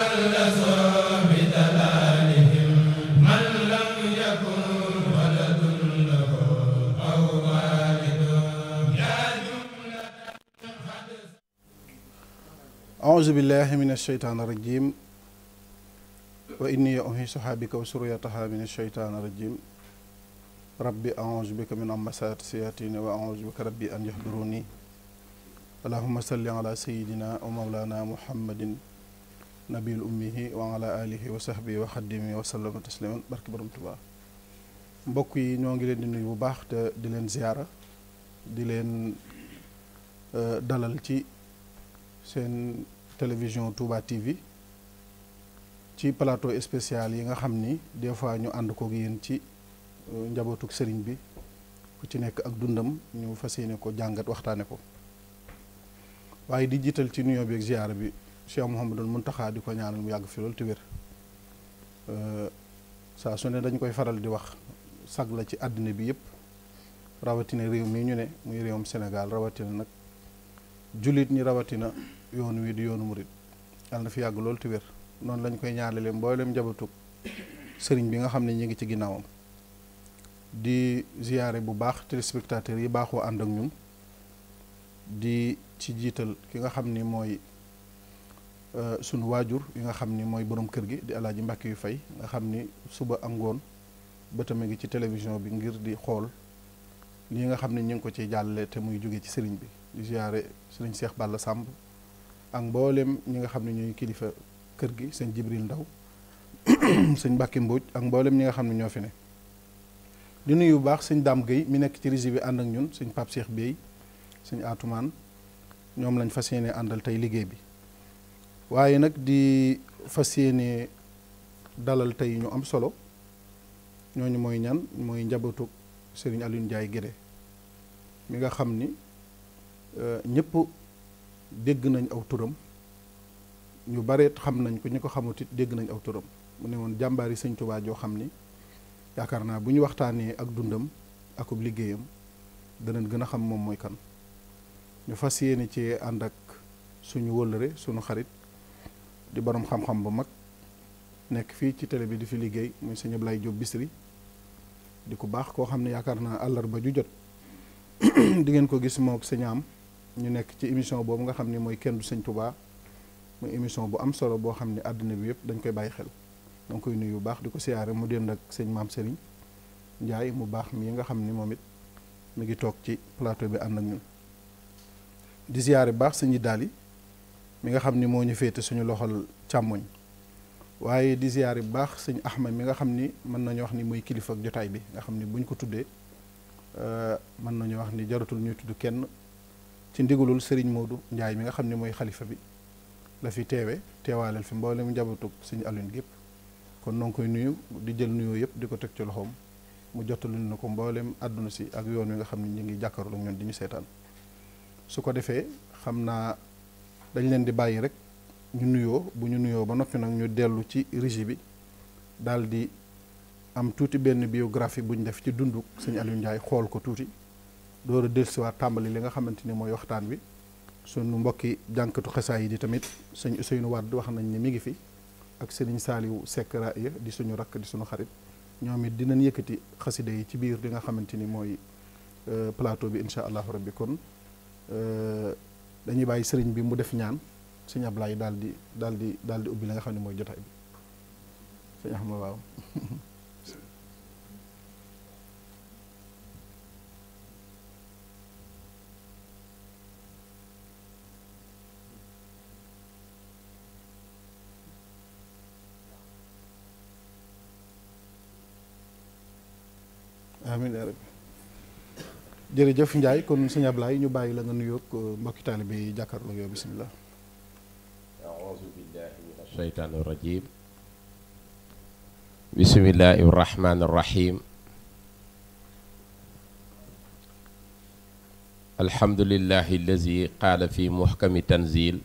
أعوذ بالله من الشيطان الرجيم وإني أهي صحابك وسريتها من الشيطان الرجيم ربي أعوذ بك من أمسات سياتين وأعوذ بك ربي أن يحضروني اللهم صل على سيدنا ومولانا محمد nabil ummihi wa ala alihi wa sahbi wa xaddimi wa sallama tasliman barki borom Tuubaa mbokk yi ñoo ngi leen di nuyu bu baax te di leen ziyaara di leen euh, dalal ci seen télévision Touba TV ci palaato spécial yi nga xam ni des fois ñu ànd kook yéen ci euh, njabootuk sëriñ bi ku ci nekk ak dundam ñu fas yéene ko jàngat waxtaane ko waaye di jiital ci nuyoo bi ak ziyaara bi moom doon Mouhamadul Mountakha di ko ñaanal mu yàgg fi loolu te wér saa su ne dañ koy faral di wax sag la ci àddina bi yëpp rawatina réew mi ñu ne muy réewum Sénégal rawatina nag jullit ñi rawatina yoon wii di yoonu murit yàlla na fi yàgg loolu te noonu lañ koy ñaanalee mboolem njabatug sëriñ bi nga xam ne ñu ngi ci ginnaawam di ziyaare bu baax téléspectateurs yi baaxoo ànd ak ñun di ci jiital ki nga xam ni mooy Euh, suñu waajur yi nga xam ni mooy borom kër gi di alaaji Mbàkke yu fay nga xam ni suba ak ngoon bëtam a ngi ci télévision bi ngir di xool lii nga xam ne ñu ngi ko ciy jàllale te muy jóge ci sëriñ bi di ziare sëriñ Seex Balla Sàmb ak mboolem ñi nga xam ne ñooy kilifa kër gi sëñ Jibril Ndaw sëñ Mbàkke Mbuuj ak mboolem ñi nga xam ne ñoo fi ne di yu baax sëñ Dame Guèye mu nekk ci régie bi ànd ak ñun sëñ pap seex Bey sëñ Atoumane ñoom lañ fas yéene àndal tey liggéey bi waaye di fas dalal tey ñu am solo ñooñu mooy ñan mooy njabootu Serigne Alioune Ndiaye gere mi nga xam ni euh, ñëpp dégg nañ aw turam ñu bareet xam nañ ko ñi ko xamut it dégg nañ aw turam mu ne woon jàmbaari sëñ Tuubaa joo xam ni yaakaar naa ak dundam akub liggéeyam danañ gën a xam kan ñu fas ci andak suñu wëllëre suñu xarit di borom xam-xam bu mag nek fi ci télé bi di fi liggéey muy sëñ Ablaye Diop Bisri di ku bax koo xam ne yaakaar naa àllarba ju jot di ngeen ko gis mok sëñ am ñu nek ci émission bobu nga xamni ne kenn du sëñ Touba muy émission bu am solo bo xamni ne bi yépp dañ koy bàyyi xel danga koy nuyu bax diko di mu dem nak sëñ mam Serigne ndjay mu bax mii nga xamni momit mi ngi tok ci plateau bi and ak ñun di ziaré bax sëñi dali mi nga xam ni moo ñu féete suñu loxol càmmoñ waaye di ziyaar bu baax sëñ Ahmed mi nga xam ni mën nañu wax ni muy kilifa ak jotaay bi nga xam ni buñ ko tuddee euh, mën nañu wax ni jaratul ñuy tudd kenn ci ndigalul Serigne Modou njaay mi nga xam ni mooy xalifa bi la fi teewe teewaaleel fi mboolem njabootug suñu Alioune gépp kon noo koy nuyu di jël nuyoo yëpp di ko teg ci loxoom mu jot jottaluñ na ko mboolem àdduna si ak yoon wi nga xam ni ñu ngi jàkkaarloo ñun di ñu ko defee dañ leen di bàyyi rek ñu nuyoo bu ñu nuyoo ba noppi nag ñu dellu ci régie bi daal di am tuuti benn biographie bu ñu def ci dundu sëñ Aliou Ndiaye xool ko tuuti door a dellusiwaat tàmbali li nga xamante ni mooy waxtaan bi sunu mbokki jànkatu xasaay yi di tamit sëñ Ousseynou Wade wax nañ ne mi ngi fi ak sëriñ Saliou Seck Raaya di suñu rakk di suñu xarit ñoom it dinañ yëkkati xaside yi ci biir li nga xamante ni mooy euh, plateau bi incha allahu rabbi kon euh, dañuy bàyyi sëriñ bi mu def ñaan sëñ Ablaye daldi di daal di daal di ubbi la nga xam ne mooy bi Ahmad waaw amin ya rabbi jërëjëf Ndiaye kon sëñ Ablaye ñu bàyyi la nga nuyoog euh, mbokki taalibe yi jàkkaarloo yow bisimilah. aouzu billahi min ashaytaani rajim. bismillahi rahmaani rahim. alhamdulillahi allazi qaala fi muhkami tanzil.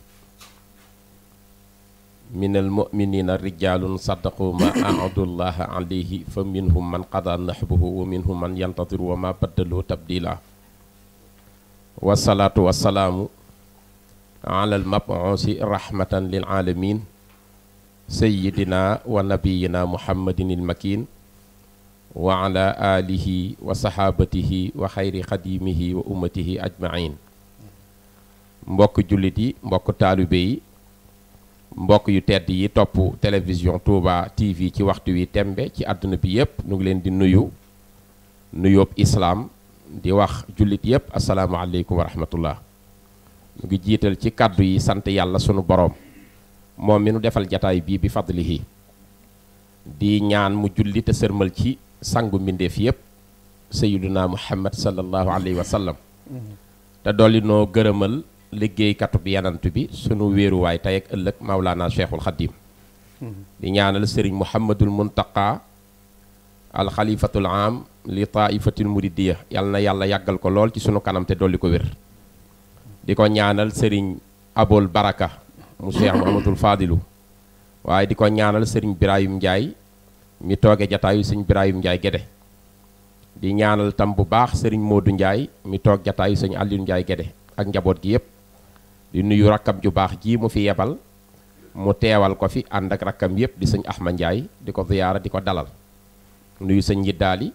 من المؤمنين رجال صدقوا ما أعد الله عليه فمنهم من قضى نحبه ومنهم من ينتظر وما بدلوا تبديلا والصلاة والسلام على المبعوث رحمة للعالمين سيدنا ونبينا محمد المكين وعلى آله وصحابته وخير قديمه وأمته أجمعين mbokk jullit yi mbokk mbokk yu tedd yi topp télévision Touba TV ci waxtu wi tembe ci àdduna bi yëpp nu ngi leen di nuyu nuyoob islaam di wax jullit yëpp asalaamaaleykum wa rahmatullah nu ngi jiital ci kàddu yi sant yàlla sunu boroom moom mi nu defal jataay bii bi fadlihi di ñaan mu julli te sërmal ci sangu mbindeef yëpp sayyiduna muhammad sallallahu alayhi wa mm-hmm. te dolli noo gërëmal liggéeykatub yanant bi sunu way tay ak ëlëk Maulana Cheikhul Khadim di ñaanal sëriñ Muntaka Muntaqa Khalifatul am li taifatul muridiya yal na yàlla yàggal ko lol ci sunu kanam te doliko wër diko ñaanal serigne Abol Baraka mu Cheikh Fadilu waye diko ñaanal serigne Birayim ndjay mi toge jotaay serigne Birayim ndjay Gede di ñaanal tam bu baax serigne Modou ndjay mi tok jotaay serigne Aliou ndjay Gede ak njabot gi yépp di nuyu rakkam ju baax ji mu fi yebal mu teewal ko fi ànd ak rakkam yëpp di sëñ Ahmad Ndiaye di ko ziyaara di ko dalal nuyu sëñ Yiddaali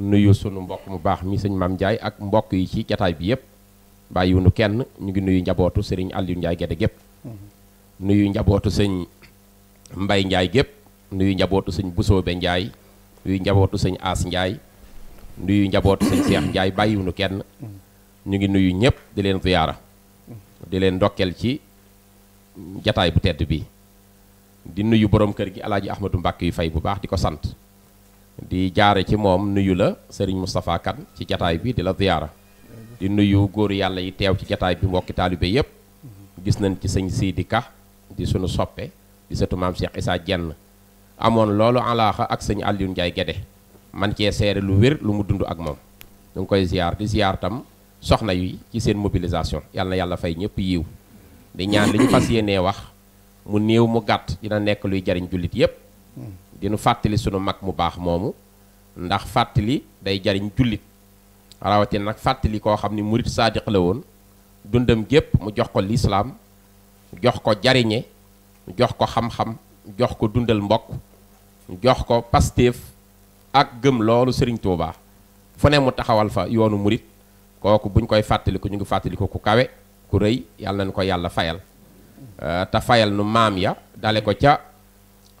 nuyu sunu mbokk mu baax mi sëñ Maam Ndiaye ak mbokk yi ci jataay bi yëpp bàyyiwunu kenn ñu ngi nuyu njabootu sëriñ Aliou Ndiaye Guédé gépp nuyu njabootu sëñ Mbay Ndiaye gépp nuyu njabootu sëñ Busoobe Ndiaye nuyu njabootu sëñ Aas Ndiaye nuyu njabootu sëñ Seex Ndiaye bàyyiwunu kenn ñu ngi nuyu ñëpp di leen ziyaara di len jatai ci jataay bu tedd bi di nuyu borom kër gi alaaji ahmadou mbàkke fay bu baax di sante di jaare ci mom nuyu la serigne mustapha kan ci jataay bi di la ziyara di nuyu goor yalla yi tew ci jataay bi mbokk taalibe yépp gis nañ ci sëñ Sidi Ka di sunu soppe di setu mam Cheikh isa jenn amon lolu ak sëñ Aliou ndjay Guédé man ci séré lu wër lu mu dundu ak mom dang koy ziar di ziar tam soxna yuy ci seen mobilisation yàlla yàlla fay ñëpp yiw di ñaan li ñu fas yéenee wax mu néew mu gàtt dina nekk luy jariñ jullit yépp dinu fàttali sunu mag mu baax moomu ndax fàttali day jariñ jullit rawatin nag fàttali koo xam ni murit saadiq la woon dundam gépp mu jox ko lislaam jox ko jariñe jox ko xam-xam jox ko dundal mbokk jox ko pastéef ak gëm loolu sëriñ Tuubaa fu ne mu taxawal fa yoonu murit kooku buñ koy fàttaliku ñu ngi fàttaliku ku kawe ku rëy yàlla nañ ko yàlla fayal euh, te fayal nu maam ya dale ko ca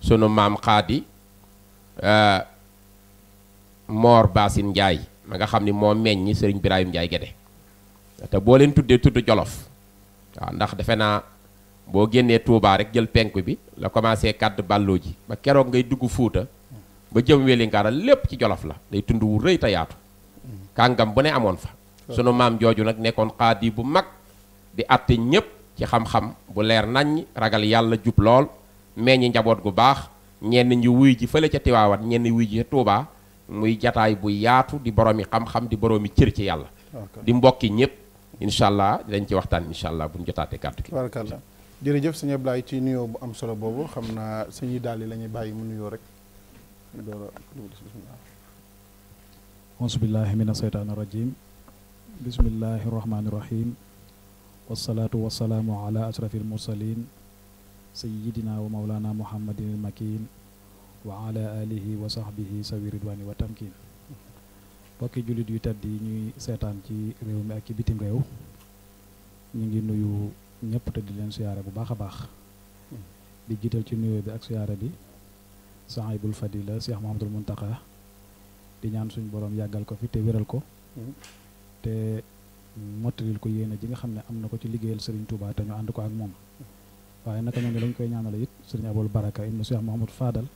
sunu maam xaadi euh, moor baasin njaay ma nga xam ni moo meññi sëriñ Birahim Njaay Gédé te boo leen tuddee tudd jolof waaw ndax defe naa boo génnee tuubaa rek jël penk bi la commencé kàdd bàlloo ji ba keroog ngay dugg fuuta ba jëm Wélingaara lépp ci jolof la day tund wu rëy te yaatu kàngam bu ne amoon fa sunu Mam joju nak nekkon qadi bu mag di atti ñep ci xam-xam bu leer nañ ragal yàlla jub lool meññi njabot gu bax ñen ñi wuy ji fële ca wuy ci muy jataay bu yaatu di boromi xam-xam di boromi cër ci yalla di mbokki ñep inshallah allah dañ ci waxtaan inshallah allah bu ñu jotaatee kàddu barakallah ci nuyo bu am solo bobu xamna naa dali daal bayyi mu nuyo rek do bismillah wa subhanallahi rajim بسم الله الرحمن الرحيم والصلاة والسلام على أشرف المرسلين سيدنا ومولانا محمد المكين وعلى آله وصحبه سوي رضوان وتمكين بكي جلد يتدي ني سيطان تي ريو مأكي بيتم ريو نيجي نيو نيب تدلين سيارة بو باخ دي جيتل تي نيو بأك سيارة بي صاحب الفضيلة سيح محمد المنتقى دي نيان سنبورم ياغال كوفي تي كو te mottalil ko yéene ji nga xam ne am na ko ci liggéeyal Serigne Touba te ñu ànd ko ak moom waaye naka noonu lañ koy ñaanal it Serigne Abol Baraka ibnu Cheikh Mouhamadou Fadal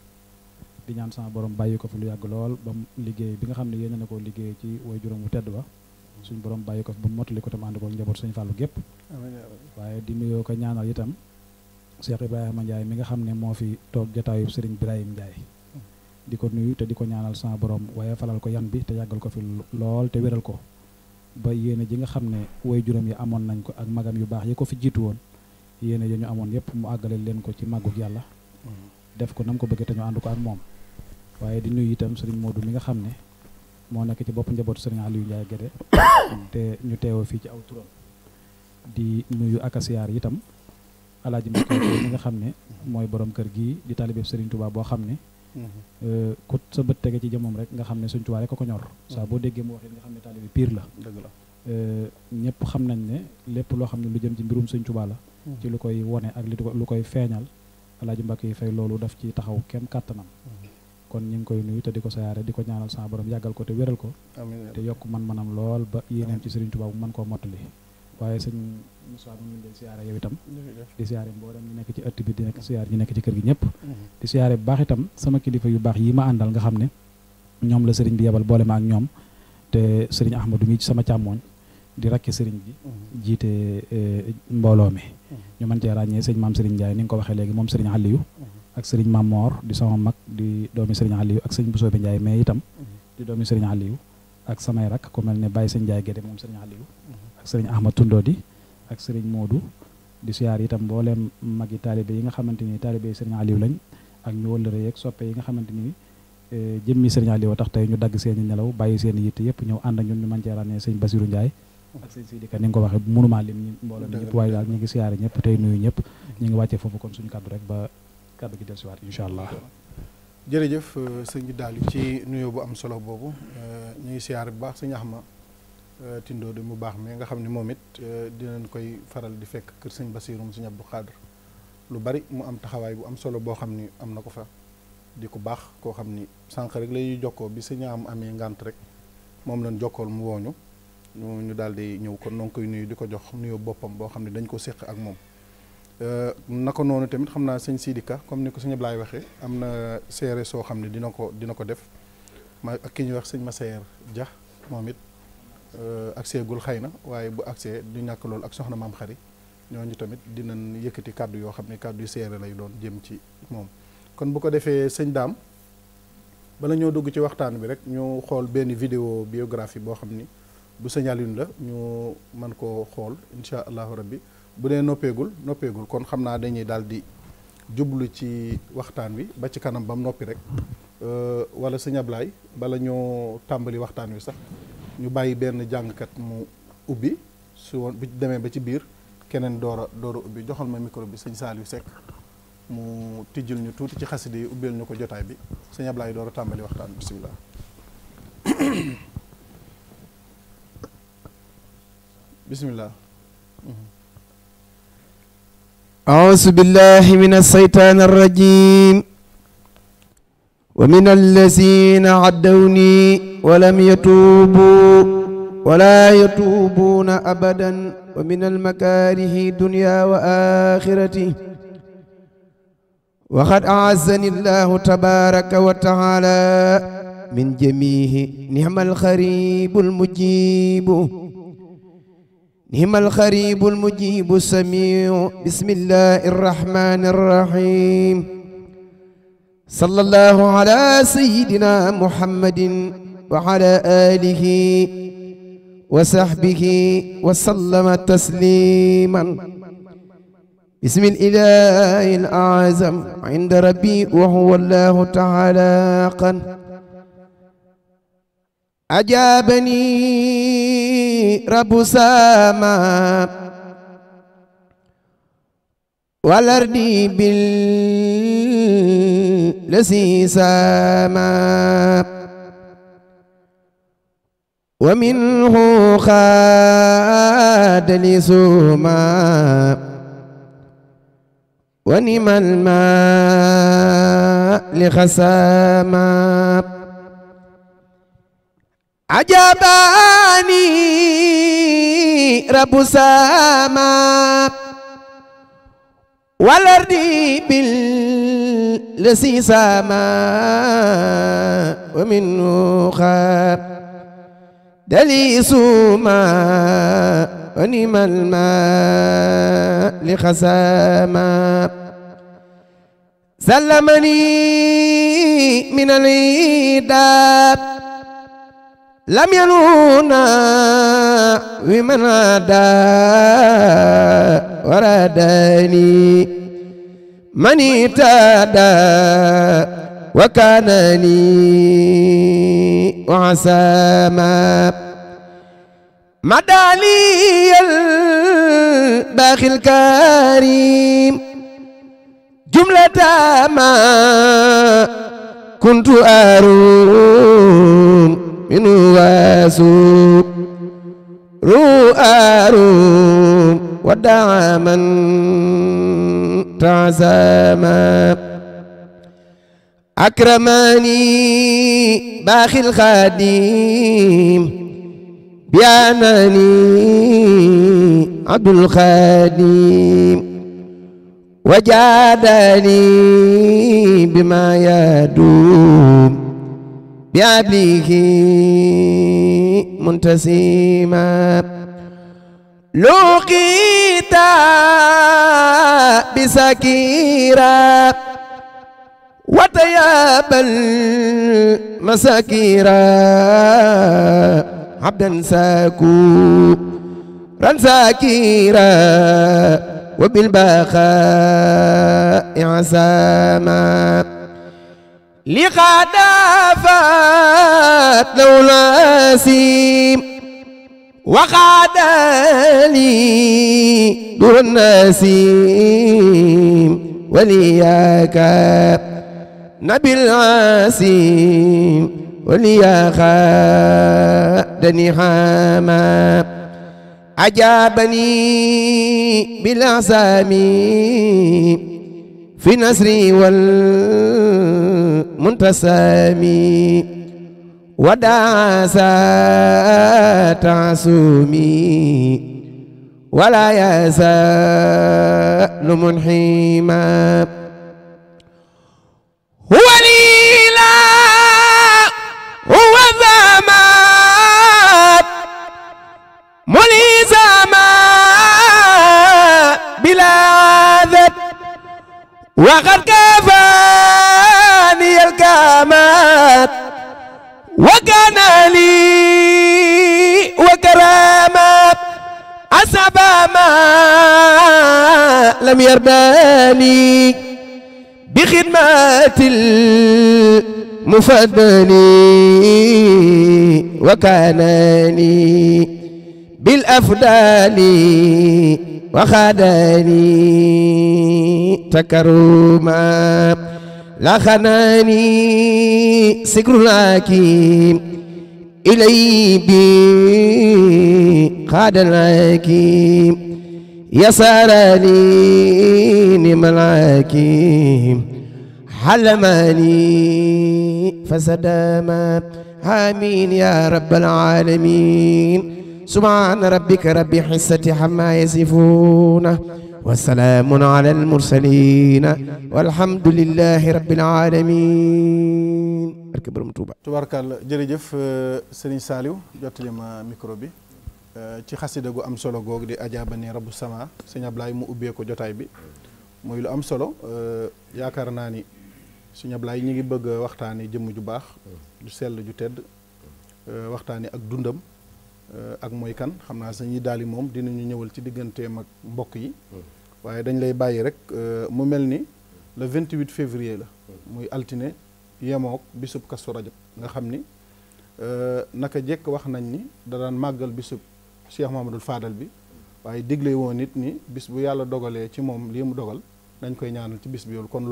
di ñaan sama borom bàyyi ko fi lu yàgg lool ba liggéey bi nga xam ne yéene na liggéey ci way juróom bu tedd ba suñ borom bàyyi ko fi ba mottali ko tam ànd ko njaboot Serigne Fallou gépp waaye di nuyoo ko ñaanal itam Cheikh Ibrahima Ndiaye mi nga xam ne moo fi toog jataayu Serigne Birahim Ndiaye di ko nuyu te di ko ñaanal sama borom waye falal ko yan bi te yàggal ko fi lool te wéral ko ba yene ji nga xamne way juram yi ya amon nañ ko ak magam yu bax yi ya ko fi jitu won yene ji ya ñu amon yëpp mu leen ko ci màggug yalla def ko nam ko bëgg tañu and ko ak mom waye di nuyu itam serigne Modou mi nga xamne mo moo ci bop njabot serigne Aliou Ndiaye Guédé te ñu teewoo fi ci aw turam di nuyu ak siyaar itam mbokk mi nga xamne moy borom kër gi di talibé serigne Touba bo xamne Euh, ku sa bët tege ci jëmmam rek nga xam ne Sëñ Tuubaa rek ko ñor saa boo déggee mu wax it nga xam ne bi piir la dëgg la euh, ñëpp xam nañ ne lépp loo xam ne lu jëm ci mbirum Sëñ Tuubaa la mm-hmm. ci lu koy wone ak li lu koy feeñal Alaaji Mbàkke yi fay loolu daf ci taxaw kem kàttanam mm-hmm. kon ñu ngi koy nuyu te di ko sayaare di ko ñaanal sa borom yàggal ko te wéral ko te yokk man-manam lool ba yéeneem ci Sëriñ Tuubaa bu mën koo mottali waaye sëñ Moussa mu ngi leen siyaare yow ya, itam iya. di siyaare mboolem ñu nekk ci ëtt bi di nekk siyaare ñu nekk ci kër gi ñëpp di siyaare bu baax itam sama kilifa yu baax yi ma àndal nga xam ne ñoom la sëriñ bi yebal boole ak ñoom te sëriñ Ahmadou mi sama càmmooñ di rakki sëriñ bi jiite mbooloo mi ñu mën cee ràññee sëñ maam sëriñ Ndiaye ni nga ko waxee léegi moom sëriñ ak sëriñ maam mhm. di sama mag di doomi sëriñ Aliou ak sëñ Bousso Ndiaye mais itam di doomi sëriñ Aliou ak samay rak ku mel ne Baye sëñ Ndiaye Guédé moom sëriñ ak sëriñ Ahmad Tundoodi ak sëriñ Moodu di siyaar itam mbooleem magi taalibe yi nga xamante ni taalibe sëriñ Aliou lañ ak ñu wëllëre yeeg soppe yi nga xamante ni eh, jëmmi sëriñ a tax tey ñu dagg seeni nelaw bàyyi seen yitte yëpp ñëw ànd ak ñun ñu mën cee ràññee sëriñ Basiru Ndiaye ni nga ko waxee mënumaa lim ñi mbooloo mi ñëpp waaye daal ñu ngi siyaare ñëpp tey nuyu ñëpp ñu ngi wàccee foofu kon suñu kàddu rek ba kàddu gi dellusiwaat incha allah jërëjëf eh, sëñ bi daal ci bu am solo eh, Euh, Tindo di mu baax mais nga xam ni moom it euh, dinañ koy faral di fekk kër sëñ Basiirum sëñ Abdu Xaadir lu bari mu am taxawaay bu am solo boo xam ni am na ko fa di ko baax koo xam ni sànq rek la ñuy jokkoo bi sëñ am amee ngant rek moom lañ jokkool mu wooñu ñu ñu daal di ñëw kon noo ngi koy nuyu di ko jox nuyu boppam boo xam ne dañ ko séq ak moom euh, naka noonu tamit xam naa sëñ Sidika comme ni ko sëñ Ablaay waxee am na seere soo xam ne dina ko dina ko def ma ak ki ñuy wax sëñ Masayer Dia moom it Euh, accès gul xëy waye bu accès du ñak lool ak soxna mam xari ñu tamit dinañ yëkkati kàddu yoo xam ne kàddu yu seere lay doon jëm ci mom kon bu ko défé sëñ daam bala ñoo dugg ci waxtaan bi rek ñu xol benn vidéo biographie bo xamni ni bu señalin la ñu man ko xol incha allahu rabbi bu dee kon xamna dañuy daldi di jublu ci waxtaan wi ba ci kanam bam noppi rek euh, wala sëñ Ablaay bala ñoo tambali waxtaan wi sax ñu bayyi benn jàngkat mu ubbi su won bu demee ba ci biir keneen door a joxal ma micro bi sëñ Saliou sek mu tijjil ñu tuuti ci ubi yi ubbeel ñu ko jotaay bi sëñ Ablaye door a tàmbali waxtaan bisimilah. bisimilah. أعوذ بالله من الشيطان الرجيم ومن الذين عدوني ولم يتوبوا ولا يتوبون أبدا ومن المكاره دنيا وآخرته وقد أعزني الله تبارك وتعالى من جميه نعم الخريب المجيب نعم الخريب المجيب السميع بسم الله الرحمن الرحيم صلى الله على سيدنا محمد وعلى آله وصحبه وسلم تسليما بسم الإله الأعظم عند ربي وهو الله تعالى قن أجابني رب سامى والأرض بال لسيساما ومنه خاد لسوما ونم الماء لخساما عجباني رب ساما والأرض بالله الذي سما ومنه خاب دليسوما ما ونم الماء لخساما سلمني من العيداب لم يلونا ومن عدا ورداني من ابتدى وكان لي وعساما مدى لي الباخي الكريم جملة ما كنت أروم من واسو رؤى روم ودعما عزاما أكرماني باخي الخادم بأماني عبد الخادم وجادني بما يدوم بأبله منتسيما لقيت بسكيرة وتياب المساكيرة عبدا رن ساكيرة وبالبخاء عساما لقد فات لولا سيم وقعد لي دور النسيم ولياك نبي العاسيم ولياك دني حاما أجابني بالعسام في نسري والمنتسامي وداس تعصومي ولا يزال منحيما هو لي لا هو زمان ملي زمان بلا عادت وقد كان لم يرباني بخدمات المفدني وكانني بالأفضل وخداني تكرما لخناني سكر لكن إلي بي قاد الحكيم يسارني نم الحكيم حلمني فسدام آمين يا رب العالمين سبحان ربك رب حصة حما يصفون وسلام على المرسلين والحمد لله رب العالمين barke borom Touba. tubarkalla jërëjëf euh, Serigne saliw jottali ma micro bi euh, ci xasida gu am solo gog di ajaabani rabu sama serigne ablay mu ubbe ko jotay bi moy lu am solo euh, yaakar naani ni ablay ñi ngi bëgg waxtani jëm ju baax du sel ju tedd waxtani ak dundam ak moy kan xamna naa sañuy daali dinañu ñëwal ci digënté mak mbokk yi waye dañ lay bayyi rek mu melni le 28 février la muy altine yemook bisub kasu rajab nga xamni euh naka jek wax nañ ni da daan magal bisub Cheikh Mamadou Fadal bi waye digle won nit ni bis bu yalla dogalé ci mom li mu dogal nañ koy ñaanal ci bis bi yoolu kon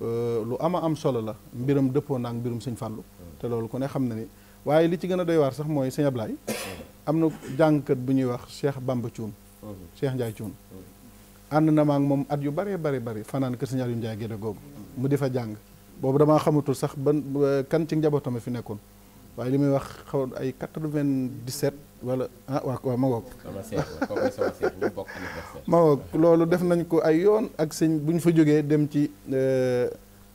euh lu ama am solo la mbirum depo nak mbirum seigne fallu té lolu ku ne xam na ni waye li ci gëna doy war sax moy seigne ablay amna jankat bu ñuy wax Cheikh Bamba tioun Cheikh ndjay tioun and na maag mom at yu bari bari bari fanaan ke seigne Aliou Ndiaye Gédé mu difa fa boobu damaa xamatul sax ban kan ci njabootam fi nekkoon waaye li muy wax xaw ay quatre-vingt-dix-sept wala ah waa waaw ma woog ma loolu def nañ ko ay yoon ak sëñ bu ñu fa jógee dem ci euh,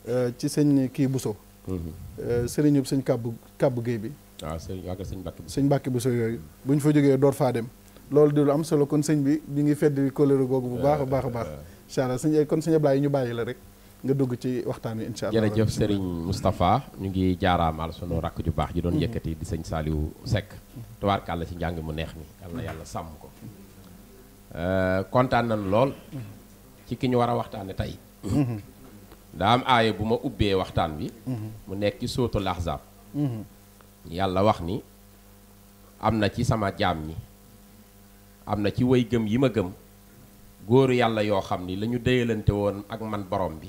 euh, ci sëñ kii Bousso mhm. euh, sëriñub sëñ kàbbu kàbbu géey bi ah, waaw sëñ Mbàkke Bousso yooyu bu ñu fa jógee door faa dem loolu di lu am solo kon sëñ bi ñu ngi fedd colère googu bu baax a baax a baax incha sëñ kon sëñ Ablaay yi ñu bàyyi la rek nga dugg ci waxtaan wi incha allah jërëjëf Serigne Moustapha ñu ngi jaaraamaal sunu rakk ju baax ji doon mm-hmm. yëkkati di sëñ Saliou Seck tubaarkàlla ci njàng mu neex mi yal na yàlla sàmm ko euh, kontaan nañ lool mm-hmm. ci ki ñu war a waxtaane tey mm-hmm. bu ma ubbee waxtaan wi mu nekk ci sóotul ahzab yàlla wax ni am na ci sama jaam yi am na ci way gëm yi ma gëm góoru yalla yo xamni lañu la won ak man borom bi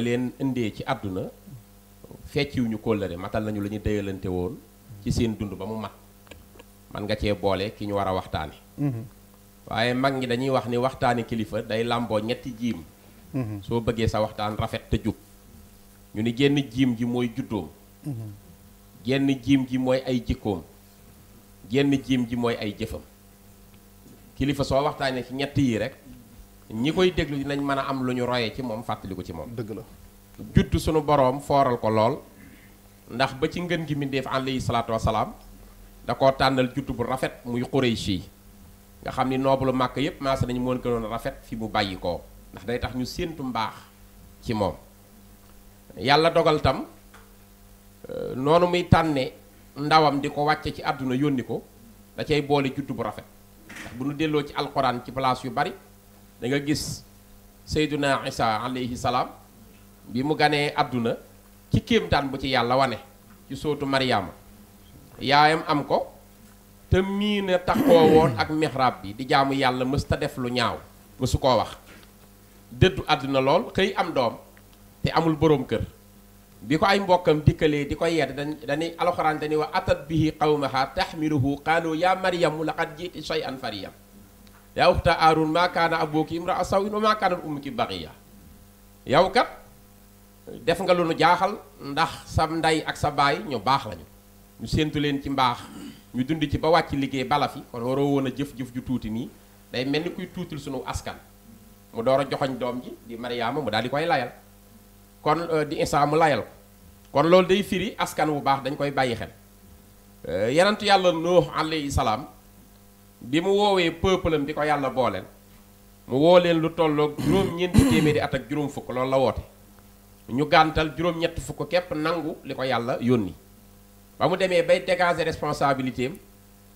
len ëndé ci aduna ci ñu ko kóllëre matal nañu lañu ñu won ci seen dund ba mu mat man nga ci boole ki ñu wara waxtani mhm. waye mag ñi dañuy wax ni waxtani kilifa day lambo ñetti jiim mhm. so bëgge sa waxtaan rafet te juk ñu ni genn jiim ji moy juddo genn mhm. jiim ji moy ay jikko genn jiim ji moy ay jëfëm kilifa soo waxtaanee ci ñett yii rek ñi koy déglu dinañ mën a am lu ñu royee ci moom fàttaliku ci moom. dëgg la juddu sunu boroom fooral ko lool ndax ba ci ngën gi mbindéef alayhi salaatu wasalaam da koo tànnal juddu bu rafet muy Qurayshi nga xam ni noobu lu màkk yépp maasa dañu moon gënoon rafet fi mu bàyyi ko ndax day tax ñu séentu mbaax ci moom yàlla dogal tam euh, noonu muy tànne ndawam di ko wàcce ci àdduna yónni ko da cay boole juddu bu rafet bu nu delloo ci alxuraan ci place yu bari danga gis sayduna isa alayhi salaam bi mu ganee àdduna ci kéemtaan bu ci yàlla wane ci sootu mariama yaayam am ko te miina taxoo woon ak mihraab bi di jaamu yàlla mësta def lu ñaaw mësu koo wax dëddu àdduna lool xëy am doom te amul boroom kër biko ay mbokam dikkalee diko dan yedd dañ dañuy dani wa wax atat bihi qawmaha tahmiluhu qalu ya maryam laqad jiti shay fariya ya ukhta Arun ma kana abuki imra sawin wa ma kana ummuki baqiya Ya kat def nga lu nu jaaxal ndax sa nday ak sa bay ñu bax lañu ñu sentu len ci mbax ñu dund ci ba wacc liggey bala fi kon waro wona jëf ju tuti ni day melni kuy tutul sunu askan mu door a dom ji di maryam mu dal di koy layal kon euh, di instant mu layal ko kon loolu day firi askan wu baax dañ koy bàyyi xel euh, yenentu yàlla Nuux alayhi salaam bi mu woowee peuple am bi ko yàlla booleel mu woo leen lu tolloog juróom-ñeenti téeméeri at ak juróom fukk loolu la woote ñu gàntal juróom-ñett fukk képp nangu li ko yàlla yónni ba mu demee bay dégager responsabilité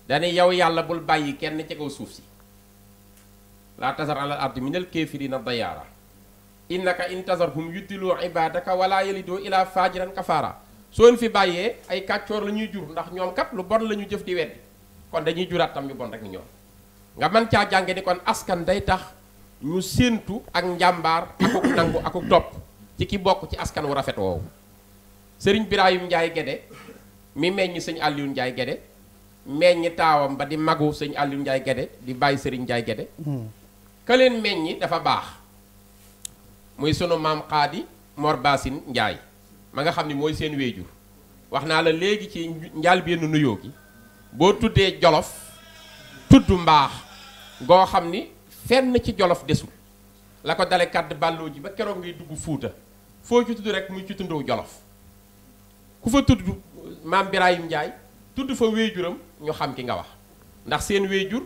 am yow yàlla bul bàyyi kenn ci kaw suuf si laa tasar alal ardi minal kaafiriina dayyaara innaka intasarhum yuddilu ibadaka wala yalidoo ila fajiran kafaara sooñ fi bàyyee ay kàccoor la ñuy jur ndax ñoom kat lu bon la ñu jëf di weddi kon dañuy juraat tam ñu bon rek ñoom nga mën caa jànge ni kon askan day tax ñu séentu ak njàmbaar akuk nangu akuk topp ci ki bokk ci askan wu rafet woowu sëriñ Birahim Njaay Gede mi meññ sëñ Aliou Njaay Gede meññ taawam ba di magu sëñ Aliou Njaay Gede di bàyyi sëriñ Njaay Gede hmm. ka leen meññi dafa baax muy sunu maam xaadi Mor Basin Njaay ma nga xam ni mooy seen wéejur wax naa la léegi ci njaal benn nuyoo gi boo tuddee jolof tudd mbaax goo xam ni fenn ci jolof desul la ko dale kàdd bàlloo ji ba keroog ngay dugg fuuta foo ci tudd rek muy ci jolof ku fa tudd maam Birayim Njaay tudd fa wéejuram ñu xam ki nga wax ndax seen wéejur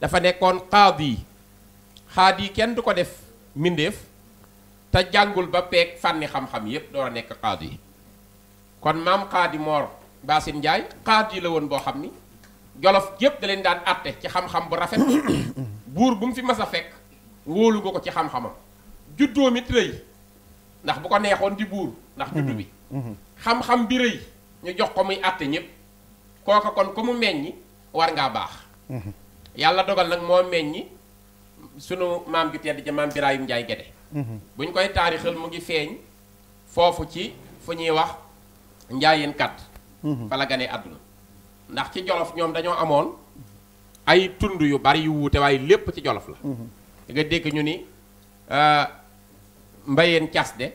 dafa nekkoon xaad yi xaad yi kenn du ko def mbindeef te jàngul ba peeg fànni xam-xam yépp door nekk xaadi yi kon maam xaadi moor Baasin Njaay xaadi la woon boo xam ni jolof yépp da leen daan àtte ci xam-xam bu rafet buur bu mu fi mas a fekk wóolu nga ko ci xam-xamam juddoo mit rëy ndax bu ko neexoon di buur ndax juddu bi mm-hmm. Mm-hmm. xam-xam bi rëy ñu jox ko muy àtte ñépp kooka kon ko mu meññi war ngaa baax mm-hmm. yàlla dogal nag moo meññi sunu maam ju tedd di maam Birayim Njaay Gede buñ koy taarixal mu ngi feeñ foofu ci fu ñuy wax njaayeen kat mhm. fa la gane àdduna ndax ci jolof ñoom dañoo amoon ay tund yu bari yu wuute waaye lépp ci jolof la mhm. nga dégg ñu ni euh, mbayeen cas de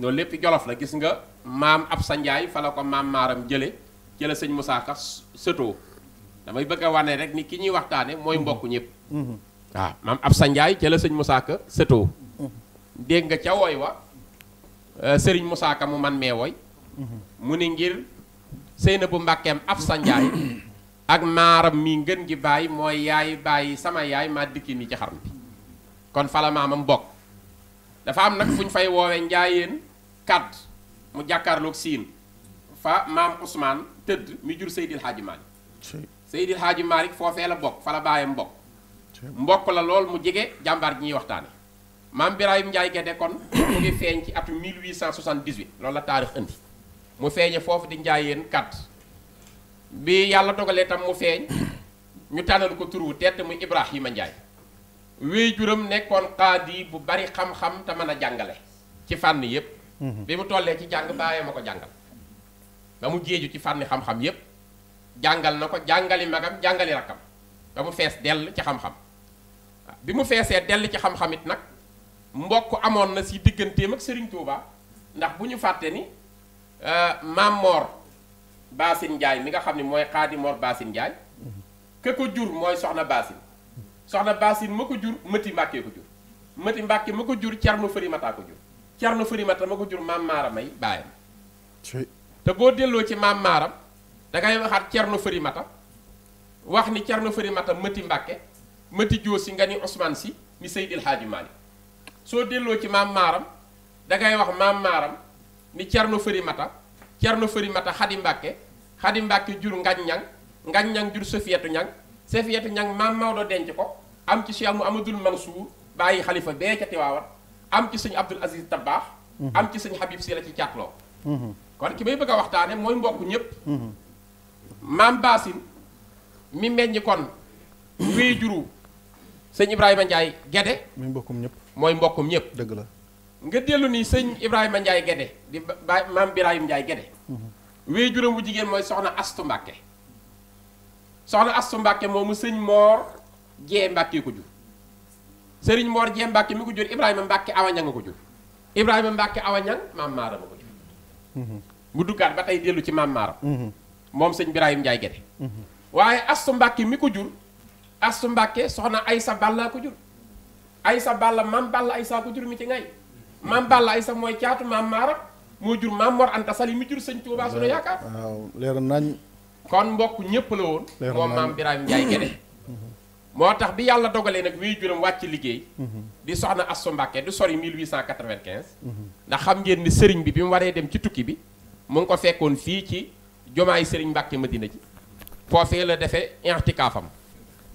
loolu lépp jolof la gis nga maam ab sa njaay fa la ko maam maaram jële ci la sëñ Moussa Ka sëtoo damay bëgg a wane rek ni ki ñuy waxtaane mooy mhm. mbokk ñëpp waaw maam ab sa njaay ci la sëñ Moussa Ka sëtoo dégg nga ca woy wa euh, sëriñ Moussa Ka mu man mee woy mhm. mu ni ngir Seynabu Mbàkkeem Afsa Njaay ak maaram mi ngën gi bàyyi mooy yaay bàyyi sama yaay maa dikki ni ci xarm bi kon fala maamam bokk dafa am nag fu ñu fay woowe njaayeen kàdd mu jàkkaarloog siin fa maam Ousmane tëdd mi jur Seydil Hadji Malick Seydil Hadji Malick foofee la bokk fala baayam bokk mbokk la lool mu jege jàmbaar ji ñuy waxtaane maam Birahim Ndiaye Guédé kon mu ngi feeñ ci atu 1878 loolu la taarix indi mu feeñe foofu di njaayeen kat bi yàlla dogalee tam mu feeñ ñu tànnal ko wu turu tett muy Ibrahima Ndiaye wéy juram nekkoon xaadi bu bari xam-xam te mën a jàngale ci fànn yépp mhm. bi mu tollee ci jàng bàyyee ma ko jàngal ba mu jéeju ci fànni xam-xam yépp jàngal na ko jàngali magam jàngali rakkam ba mu fees dell ci xam-xam bi mu feesee dell ci xam-xam it nag mbokk amoon na si digganteem ak Serigne Touba ndax bu ñu fàtte ni euh, maam Mor Basine Ndiaye mi nga xam ne mooy xaadi Mor Basine Ndiaye ke ko jur mooy Soxna Basine Soxna Basine ma ko jur Mati Mbàkke ko jur Mati Mbàkke ma ko jur Cerno Farimata ko jur Cerno Farimata ma ko jur maam Maaram ay baayam te boo delloo ci maam Maaram da ngay waxaat fëri Farimata wax ni cer Cerno Farimata Mati Mbàkke Mati Joo si nga ni Ousmane si ni Seydil Hadji Malick so delo ci mam maram da ngay wax mam maram ni cerno fëri mata cerno fëri mata hadim mbàkke hadim mbàkke jur ngagnang ngagnang juru jur sofiatu ñang sofiatu ñang mam mawdo denc ko am ci cheikh mu amadul mansour bàyyi khalifa be ca tiwaawat am ci seigne abdul aziz tabakh mhm. am ci seigne habib sila ci tiatlo mhm. kon ki may bëgg waxtane moy mooy mbokk ñépp mhm. maam mi meññ kon wi juru seigne ibrahima ndjay gede muy mbokum ñep mooy mbokkum ñëpp. dëgg la nga dellu ni sëñ Ibrahima Ndiaye Guédé di ba maam Birahim Ndiaye Guédé. Mhm. wéy juróom bu jigéen mooy soxna Astu Mbàkke soxna Astu Mbàkke moomu sëñ Moor sëriñ Moor Jee Mbàkke mi ko jur Ibrahima ko jur Ibrahima Mbàkke Awañang maam ma ko jur mhm. mu duggaat ba mhm. moom sëñ Birahim Ndiaye Guédé waaye Astu Mbàkke mi ko jur Astu Mbàkke soxna Aysa Balla ko jur Aysa Balla maam Balla Aysa ko jur mi ci ngay maam Balla Aysa mooy caatu maam Maaram moo jur maam Mor Anta Sali mi jur sëñ Tuubaa sunu yaakaar. waaw kon mbokk ñépp la woon. moom maam Birahim Ndiaye Guédé. moo tax bi yàlla dogalee nag wii juróom wàcc liggéey. di soxna Assu Mbàkke du sori 1895. ndax xam ngeen ni sëriñ bi bi mu waree dem ci tukki bi mu ngi ko fekkoon fii ci jumaay sëriñ Mbàkke Madina ji foofee la defe defee intikaafam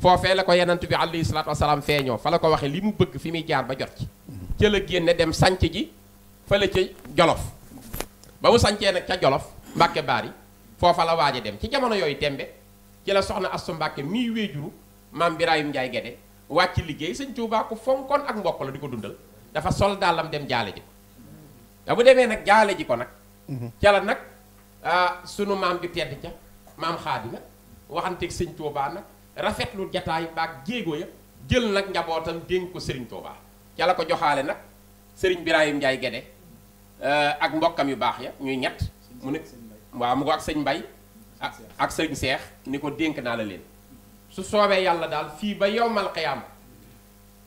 foofee la ko yenant bi alayhi salaatu salaam feeñoo fa la ko waxee li mu bëgg fi muy jaar ba jot ci ca la génne dem sanc ji fële ca jolof ba mu sancee nag ca jolof mbàkke baari foofa la waaje dem ci jamono yooyu tembe ci la soxna astu mbàkke mii wéejuru maam biraayum njaay gede wàcc liggéey sëñ Tuubaa ko fonkoon ak mbokk la di ko dundal dafa sol dàllam dem jaale ji ko da demee nag jaale ji ko nag mhm. ca la nag ah, sunu maam bi tedd ca maam xaadi sëñ Tuubaa nag rafetlu jataay baak jéego ya jël nag njabootam dénk ko Serigne Touba ca la ko joxaale nag sëriñ Birahim Ndiaye Guédé euh, ak mbokkam yu baax ya ñuy ñett mu ne waaw mu ko ak sëñ Mbay ak ak sëñ Seex ni ko dénk naa la leen su soobee yàlla daal fii ba yowmal xiyaam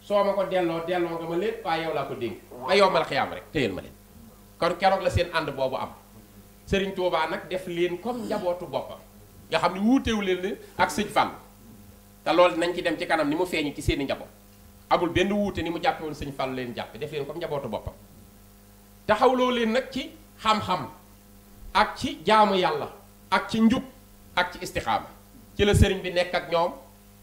soo ma ko delloo delloo nga ma lépp yow laa ko dénk ba yowmal ma kon keroog la seen ànd boobu am Serigne Touba nag def leen comme njabootu boppam xam ne wuutewu ak sëñ fan te loolu nañ ci dem ci kanam ni mu feeñu ci seeni njaboot amul benn wuute ni mu jàppe woon sëñ Fallou leen jàppe def leen comme njabootu boppam taxawloo leen nag ci xam-xam ak ci jaamu yàlla ak ci njub ak ci istixaama ci la sëriñ bi nekk ak ñoom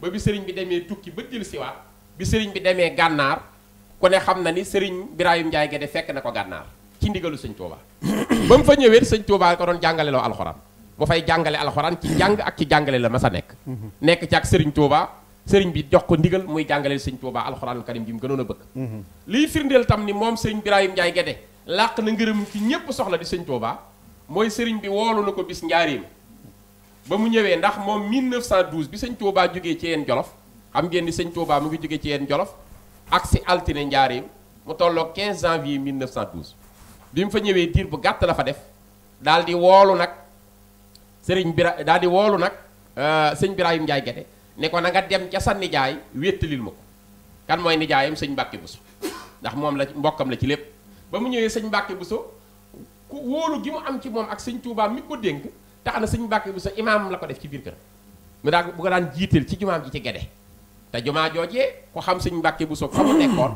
ba bi sëriñ bi demee tukki ba jël siwaat bi sëriñ bi demee gànnaar ku ne xam na ni sëriñ Birayim Njaay de fekk na ko gànnaar ci ndigalu sëñ Tuubaa ba mu fa ñëwee sëñ Tuubaa ko doon jàngaleloo alxuraan bu fay jàngale alxuraan ci jàng ak ci jàngale la ma sa nekk nekk ci ak sëriñ Touba sëriñ bi jox ko ndigal muy jàngaleel sëriñ Touba alxuraanul karim bi mu gënoon a bëgg liy firndeel tam ni moom sëriñ Birahim Ndiaye Guédé làq na ngërëm ci ñépp soxla di sëriñ Touba mooy sëriñ bi woolu na ko bis njaareem ba mu ñëwee ndax moom 1912 bi sëriñ jógee ci yeen jolof xam ngeen ni sëriñ mu ngi jógee ci yeen jolof ak si altine njaareem mu tolloo 15 janvier 1912 bi mu fa ñëwee diir bu gàtt la fa def daal di woolu nag sëriñ Bira daal di woolu nag euh, sëñ biraayum Ndiaye Guédé ne ko na dem ca sa nijaay wéttalil ma ko kan mooy nijaayam sëñ Mbàkke Buso ndax moom la mbokkam la ci lépp ba mu ñëwee sëñ Mbàkke Buso ku wóolu gi mu am ci moom ak sëñ Tuubaa mi ko dénk tax na sëñ Mbàkke Buso imaam la ko def ci biir kër mu daal bu ko daan jiital ci jumaam ji ci Guédé te jumaa joojee ko xam sëñ Mbàkke Buso fa mu nekkoon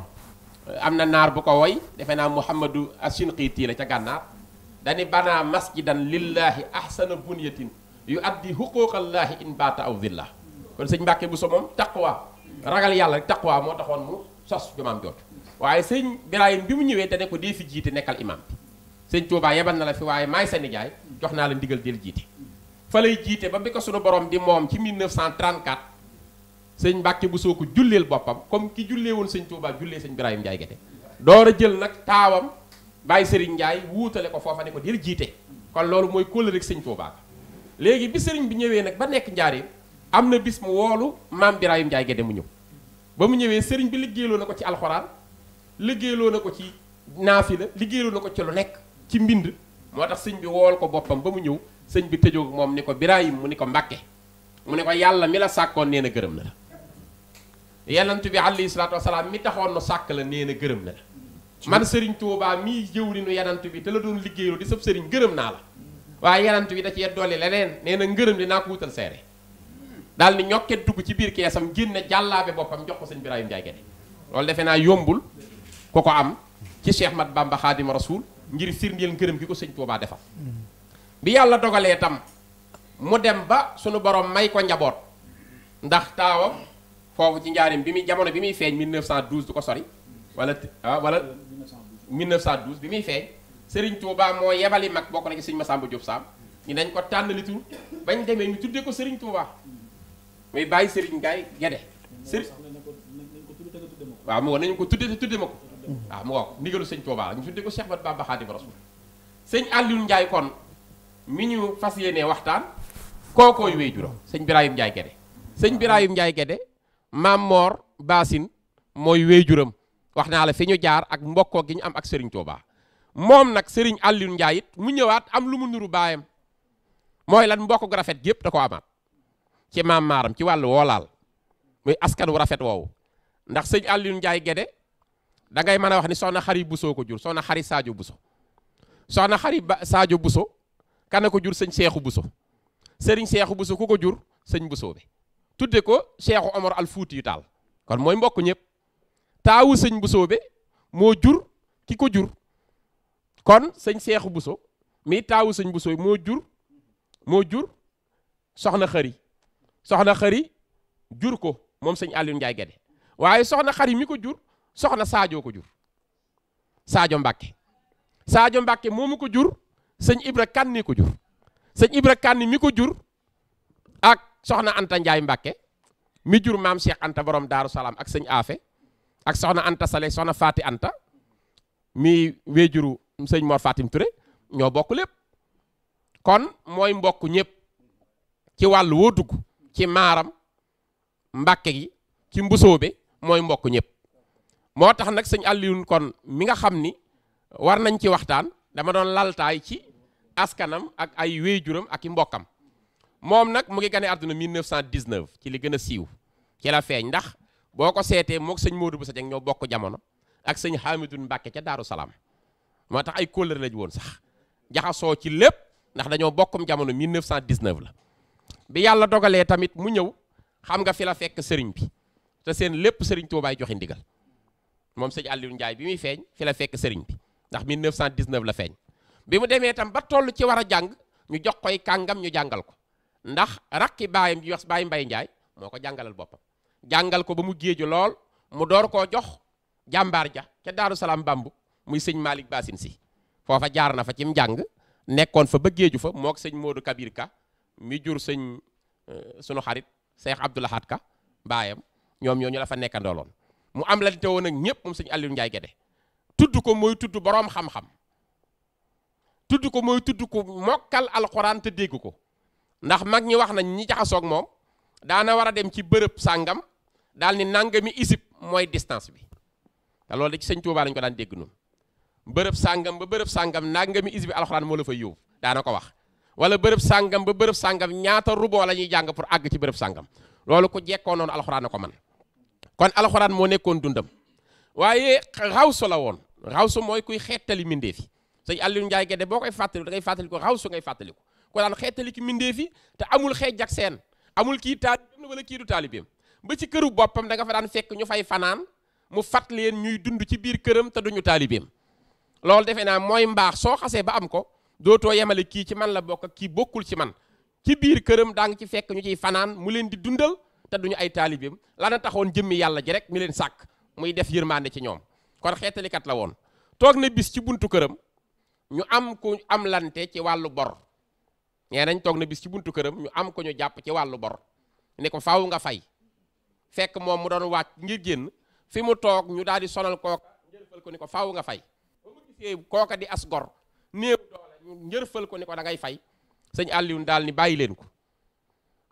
am na naar bu ko woy defe naa Muhammadu Asinqiiti la ca gànnaar dani banaa masjidan lillaahi ahsana bunyatin yu addi huquqallaahi in baata aw zillah kon sëñ Mbàkke bu so moom taqwa ragal yàlla rek taqwa moo taxoon mu sos jumaam jooju waaye sëñ Birahim bi mu ñëwee dane ko dee fi jiite nekkal imam bi sëñ Tuubaa yebal na la fi waaye maay sa nijaay jox naa la ndigal del jiite fa lay jiite ba bi ko sunu boroom di moom ci 1934 sëñ Mbàkke bu soo ko julleel boppam comme ki jullee woon sëñ Tuubaa jullee sëñ Birahim Njaay Gédé door a jël nag bàyyi Serigne Ndiaye wuutale ko foofa ne ko dil jiite kon loolu mooy kóllëre ak sëñ Touba léegi bi Serigne bi ñëwee nag ba nekk njaareem am na bis mu woolu maam Birahim Ndiaye Guédé mu ñëw ba mu ñëwee sëriñ bi liggéeyloo na ko ci alxuraan liggéeyloo na ko ci la liggéeyloo na ko ci lu nekk ci mbind moo tax sëñ bi wool ko boppam ba mu ñëw sëñ bi tëjoo moom ni ko Birahim mu ni ko Mbàkke mu ne ko yàlla mi la sàkkoon nee na gërëm na la yonent bi alayhi salaatu wasalaam mi taxoon nu sàkk la nee na gërëm na man sëriñ Touba mii jëwriñu yanant bi te la doon liggéeyloo di sab sëriñ gërëm naa la waaye yanant bi da cee dolli leneen nee na ngërëm di naa ko wutal seere daal ni ñokket dugg ci biir keesam génne jàllaabe boppam jox ko sëñ Birahim Ndiaye Guédé loolu defe naa yombul ku ko am ci Cheikh Mat Bamba Xaadima Rasul ngir firndeel ngërëm gi ko sëñ Touba defal bi yàlla dogalee tam mu dem ba sunu borom may ko njaboot ndax taawam foofu ci njaarim bi muy jamono bi muy feeñ 1912 du 1912 bi muy feeñ Serigne Touba moo yebali mag bokk na ci ma Massamba Diop Sam ñu dañ ko tànn li bañ demee ñu tuddee ko Serigne Touba muy bàyyi Serigne Ngaye Guédé. Serigne waaw mu wax nañu ko tuddee te tuddee ma ko. waaw mu wax ndigalu sëñ Touba ñu tuddee ko Cheikh Bat Bamba Khadim Rasoul sëñ Alioune Ndiaye kon mi ñu fas yéenee waxtaan kookooy wéy juróom sëñ Birahim Ndiaye Guédé sëñ Birahim Ndiaye Guédé maam Mor Basine mooy wéy juróom. wax naa la fi ñu jaar ak mbokkoo gi ñu am ak sëriñ Touba moom nag sëriñ Alioune Ndiaye it mu ñëwaat am lu mu nuru baayam mooy lan mbokk gu rafet yëpp da ko amaat ci maam maaram ci wàllu woolaal muy askan wu rafet woowu ndax sëñ Alioune Ndiaye Gédé da mën a wax ni soxna xari busoo ko jur na xari Sadio Buso soxna xari Sadio Buso kana ko jur sëñ Seexu Buso sëriñ Seexu Buso ku ko jur sëñ Buso bi tudde ko Seexu Omar al Fuuti taal kon mooy mbokk ñëpp taawu sëñ Bousso be moo jur ki ko jur kon sëñ Seexu Bousso mi taawu sëñ Bousso moo jur moo jur soxna xëri soxna xëri jur ko moom sëñ Aliou Ndiaye Guédé waaye soxna xari mi ko jur soxna saajoo ko jur saajo Mbacke Sadio Mbacke moomu ko jur sëñ Ibra Kànni ko jur sëñ Ibra Kànni mi ko jur ak soxna Anta Ndiaye Mbacke mi jur maam Cheikh Anta borom Daaru Salaam ak sëñ Afe ak soxna Anta Sale soxna Faati Anta mi wéjuru sëñ Mor Fatim Touré ñoo bokk lépp kon mooy mbokk ñëpp ci wàllu woo dugg ci maaram mbàkke gi ci mbusoobe mooy mbokk ñëpp moo tax nag sëñ Alioune kon mi nga xam ni war nañ ci waxtaan dama doon laltaay ci askanam ak ay wéjuram ak i mbokkam moom nag mu ngi gane àdduna 1919 ci li gën a siiw ci la feeñ ndax boo ko seetee moog sëñ Modou Bousso Dieng ñoo bokk jamono ak sëñ Hamidou Mbacke ca Daaru Salaam moo tax ay kóllëre lañ woon sax jaxasoo ci lépp ndax dañoo bokkum jamono 1919 la bi yàlla dogalee tamit mu ñëw xam nga fi la fekk sëriñ bi te seen lépp sëriñ Touba joxe ndigal moom sëñ Aliou Ndiaye bi muy feeñ fi la fekk sëriñ bi ndax 1919 la feeñ bi mu demee tam ba toll ci war a jàng ñu jox koy kàngam ñu jàngal ko ndax rakki baayam ji wax baay Mbay Ndiaye moo ko jàngalal boppam jàngal ko ba mu géeju lool mu door koo jox jàmbaar ja ca daaru salaam bambu muy sëñ Malick baasin si foofa jaar na fa cim njàng nekkoon fa ba géeju fa mook sëñ Modou Kabir Ka mi jur sëñ euh, sunu xarit Cheikh Abdou Lahad Ka baayam ñoom ñooñu la fa nekkandooloon mu am lante woon ak ñëpp moom sëñ Aliou Ndiaye Guédé tudd ko mooy tudd boroom xam-xam tudd ko mooy tudd ko mokkal alxuraan te dégg ko ndax mag ñi wax nañ ñi jaxasoog moom daana war a dem ci bërëb sàngam daal ni nangami isib mooy distance bi loolu da ci sëñ Tuubaa lañ ko daan dégg noonu bërëb sàngam ba bërëb sàngam nangami isib alxuraan moo la fa yóbbu daana ko wax wala bërëb sàngam ba bërëb sàngam ñaata ruboo la ñuy jàng pour àgg ci bërëb sàngam loolu ku jekkoo noonu alxuraan na ko man kon alxuraan moo nekkoon dundam waaye xawsu la woon xawsu mooy kuy xeetali mbindéef yi sëñ Aliou Ndiaye Guède boo koy fàttaliku da ngay fàttaliku xawsu ngay fàttaliku ko daan xeetali ci mbindéef yi te amul xeej ak seen amul kii taalibeem wala kii du ba ci këru boppam danga nga fa daan fekk ñu fay fanaan mu fat leen ñuy dund ci biir këram te duñu taalibeem loolu defe naa mooy mbaax soo xasee ba am ko dootoo yemale kii ci man la bokk ak kii bokkul ci man ci biir këram daa ngi ci fekk ñu ciy fanaan mu leen di dundal te duñu ay taalibeem lana taxoon jëmmi yàlla ji rek mi leen sàkk muy def yërmande ci ñoom kon xeetalikat la woon toog ne bis ci buntu këram ñu am ku am lante ci wàllu bor nee nañ toog na bis ci buntu këram ñu am ko ñu jàpp ci wàllu bor ne ko faaw nga fay fekk moom mu doon wàcc ngir génn fi mu toog ñu daal di sonal kooka njërfal ko ni ko faaw nga fay ba mu gisee kooka di as gor néew doole ñu njërfal ko ni ko da ngay fay sëñ Alioune daal ni bàyyi leen ko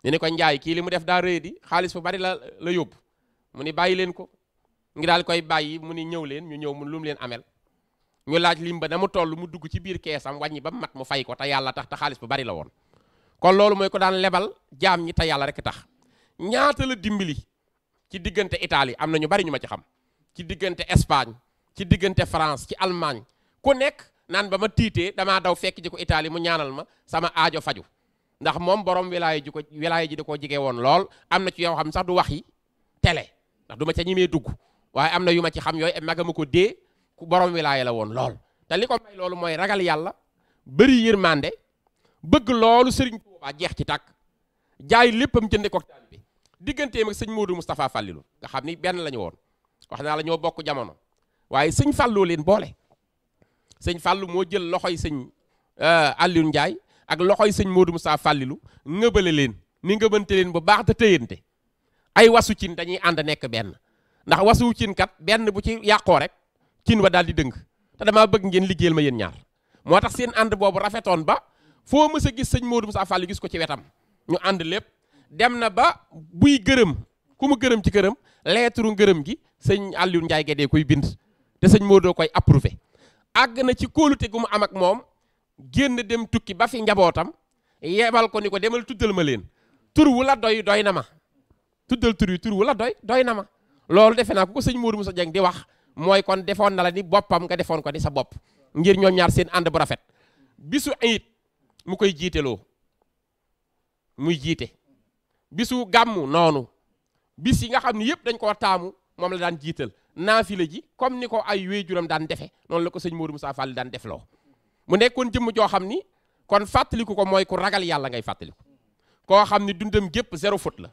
ñu ni ko njaay kii li mu def daa rëy di xaalis bu bari la la yóbbu mu ni bàyyi leen ko ngi daal koy bàyyi mu ni ñëw leen ñu ñëw mu lu mu amel ñu laaj lim ba na mu toll mu dugg ci biir keesam wàññi ba mat mu fay ko te yàlla tax te xaalis bu bari la woon kon loolu mooy ko daan lebal jaam ñi te yàlla rek tax ñaata la dimbali ci diggante Italie am na ñu bari ñu ma ci xam ci diggante Espagne ci diggante France ci Allemagne ku nekk naan ba ma tiitee damaa daw fekk ji ko Italie mu ñaanal ma sama aajo faju ndax moom borom wilaaya ji ko wilaaya ji da koo jege woon lool am na ci yoo xam sax du wax yi télé ndax du ma ca ñimee dugg waaye am na yu ma ci xam yooyu magama ko dee ku borom wilaaya la woon lool te li ko may loolu mooy ragal yàlla bëri yërmande bëgg loolu sëriñ Tuubaa jeex ci tàkk jaay léppam jënde ko digganteem ak sëñ Modou Moustapha Fallilou nga xam ni benn la ñu woon wax naa la ñoo bokk jamono waaye sëñ Fallou leen boole sëñ Fallou moo jël loxoy sëñ euh, Alioune Ndiaye ak loxoy sëñ Modou Moustapha Fallilou ngëbale leen ni ngëbante leen bu baax te téyante ay wasu cin dañuy ànd nekk benn ndax wasu cin kat benn bu ci yàqoo rek cin wa daal di dëng te damaa bëgg ngeen liggéeyal ma yéen ñaar moo tax seen ànd boobu rafetoon ba foo mës a gis sëñ Modou Moustapha gis ko ci wetam ñu ànd lépp. dem na ba buy gërëm ku mu gërëm ci këram leetaru ngërëm gi sëñ Aliou Ndiaye Guédé koy bind te sëñ Modou koy approuvé àgg na ci kóolute gu mu am ak moom génn dem tukki ba fi njabootam yebal ko ni ko demal tuddal ma leen tur wu la doy doy na ma tuddal tur wi tur wu la doy doy na ma loolu defe naa ku ko sëñ Modou Moussa Dieng di wax mooy kon defoon na la ni boppam nga defoon ko ni sa bopp ngir ñoom ñaar seen ànd bu rafet bisu it mu koy jiiteloo muy jiite bisu gàmmu noonu bis yi nga xam ne yëpp dañ koo taamu moom la daan jiital naafila ji comme ni ko ay wéejuram daan defe noonu la ko sëñ Modou Moussa Fall daan loo mu nekkoon jëmm joo xam ni kon fàttaliku ko mooy ku ragal yàlla ngay fàttaliku koo xam ni dundam gépp zéro faute la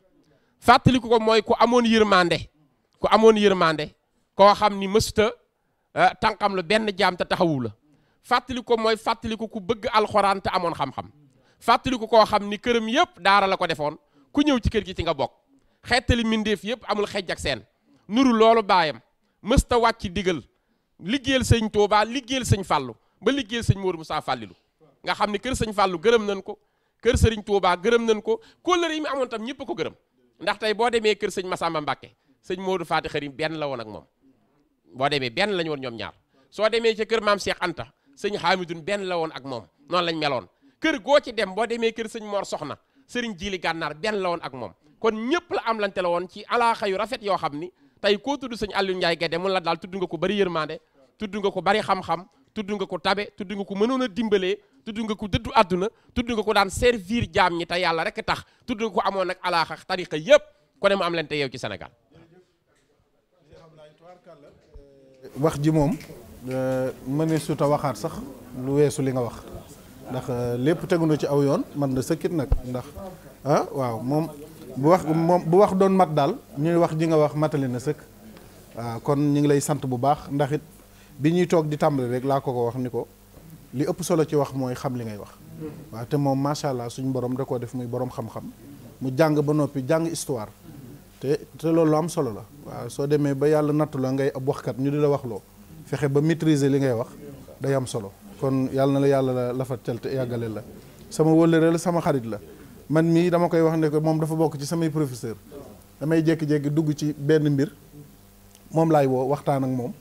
fàttaliku ko mooy ku amoon yërmande ku amoon yërmande koo xam ni mësuta euh, tànkam la benn jaam te taxawu la fàttaliku ko mooy fàttaliku ku bëgg alxuraan te amoon xam-xam fàttaliku xam ni këram yëpp daara la ko defoon ku ñëw ci kër gi ci nga bokk xettali mbindeef yëpp amul xejj ak seen nuru loolu baayam mësta wàcc digal liggéeyal sëñ Touba liggéeyal sëñ Fallou ba liggéeyal sëñ Mourou Moussa Fallilu nga xam ne kër sëñ Fallou gërëm nañ ko kër sëriñ Touba gërëm nañ ko kóllëre yi mu amoon tam ñëpp ko gërëm ndax tey boo demee kër sëñ Massamba Mbacke sëñ Modou Faati Xarim benn la woon ak moom boo demee benn la ñu woon ñoom ñaar soo demee ca kër maam seex Anta sëñ Hamidun benn la ak moom noonu lañ meloon kër goo ci dem boo demee kër sëñ Mor Soxna sëriñ jiili gànnaar benn la woon ak moom kon ñëpp la am lante la woon ci alaaxa yu rafet yoo xam ni tey koo tudd sëñ Aliou Ndiaye Guédé mun la daal tudd nga ko bari yërmande tudd nga ko bari xam-xam tudd nga ko tabe tudd nga ko mënoon a dimbalee tudd nga ko dëddu àdduna tudd nga ko daan servir jaam ñi te yàlla rek tax tudd nga ko amoon nag alaaxa tariqa yëpp ku ne mu am lante yow ci Sénégal wax ji moom euh, mëne su ta waxaat sax lu weesu li nga wax ndax euh, lepp tegu na ci aw yoon man na sekit nak ndax ah waaw mom bu wax bu wax doon mat dal ñu wax ji nga wax matali na ah kon ñi ngi lay sant bu baax ndax it bi ñuy di tàmbali rek la ko ko wax ni ko li ëpp solo ci wax moy xam li ngay wax wa te ma sha allah suñu borom da ko def muy borom xam-xam mu jang ba nopi jang histoire te te lolu am solo la wa so demee ba yalla nattu ngay ab kat ñu di la wax lo fexé ba maîtriser li ngay wax day am solo kon yàlla na la yàlla la lafat cal te yàggale la sama wëllëre la sama xarit la man mii dama koy wax ne ko moom dafa bokk ci samay professeur damay jékki-jékki dugg ci benn mbir moom laay woo waxtaan ak moom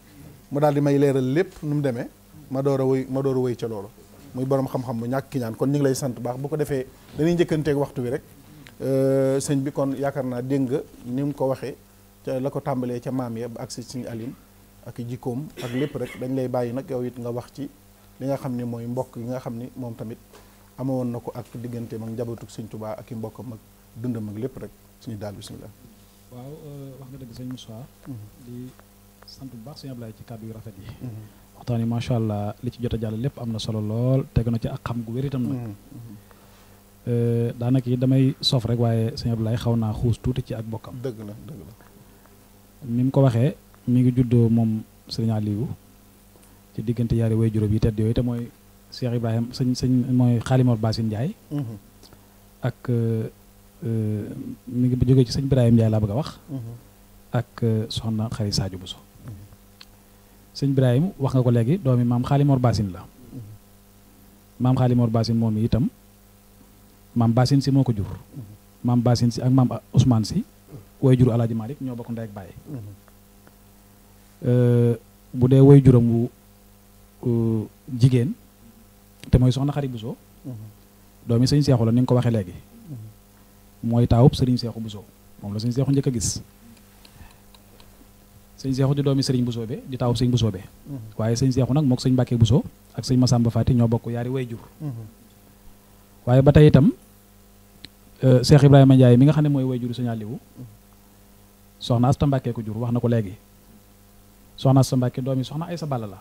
mu daal di may leeral lépp nu mu demee ma door a wëy ma door a wëy ca loolu muy borom xam-xam bu ñàkk ki ñaan kon ñu ngi lay sant baax bu ko defee dañuy njëkkanteeg waxtu bi rek euh, sëñ bi kon yaakaar naa dégg nga ni mu ko waxee ca la ko tàmbalee ca maam ya ba agsi sëñ Aline jikkoom ak lépp rek dañ lay bàyyi nag yow it nga wax ci li nga xamni ni mbokk yi nga xamni ni tamit amawon nako ak digganteem ak jabatuk sëñ touba ak i mbokkam ak dundam ak lepp rek suñu dal bismillah waaw euh, wax nga deug sëñ Moussa. Mhm. di sant bu baax sëñ Ablaye ci kàddu yu rafet yi. Mhm. waxtani ma sha allah li ci jotta jall lepp amna am na solo lol tegu na ci ak xam gu wér itam nag. Mhm, euh, daanaka yi damay sof rek waye sëñ Ablaye xawna naa xuus ci ak bokkam. deug la deug la. nim ko waxe mi ngi juddo mom sëñ Aliou. ci diggante yaari way juróom yi tedd yooyu te mooy Cheikh Ibrahima sëñ sëñ mooy Xaalimor Basin Ndiaye mhm. ak euh, euh, mu ngi jógee ci sañ Ibrahima Ndiaye laa bëgg a wax mhm. ak euh, soxna Xari Sadio Bousso mhm. sëñ Ibrahima wax nga ko léegi doomi maam Xaalimor Basin la maam Xaalimor Basin moom itam maam Basin si moo ko jur maam Basin si ak maam Ousmane si way jur Alaaji Malick ñoo bokk ndey ak baay jigéen te mooy soxna xari buso doomi sëñ seexu la ni nga ko waxe léegi mooy taawub sëriñ seexu Bousso moom la sëñ seexu njëkk a gis sëñ seexu di doomi sëriñ Bousso be di taawub sëñ Bousso be waaye sëñ seexu nag mook sëñ Mbàkke Bousso ak sëñ Masamba Faati ñoo bokk yaari way jur waaye ba tey itam euh, Cheikh Ibrahima Ndiaye mi nga xam ne mooy way juru sëñ Aliou soxna Asta Mbàkke ko jur wax na ko léegi soxna Asta Mbàkke doomi soxna Aysa Balla la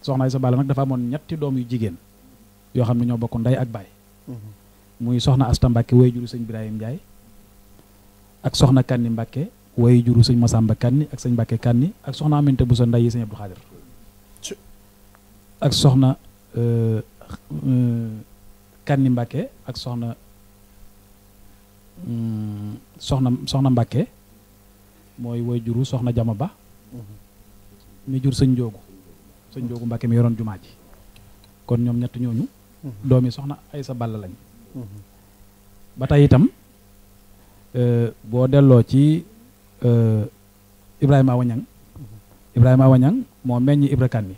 soxna isa Balla nak dafa amone ñetti doom yu jigen yo xamni ño bokku nday ak bay muy soxna Asta mbake, way juru sëñ Birahim ak soxna Kanni mbake way juru massa mbake Kanni ak seigne mbake Kanni ak soxna Aminte bu so nday seigne abdou khadir ak soxna euh, euh, Kanni mbake ak soxna soxna soxna mbake moy way soxna Jama Ba mhm. mi jur seigne jogu sëñ Njoogu mbakke mi yoroon jumaa ji kon ñoom ñett ñooñu mhm. doomi soxna sa Balla lañ mhm. ba tey itam euh, boo delloo ci euh, Ibrahima Wañang mhm. Ibrahima Wañang moo meññi Ibra Kan ni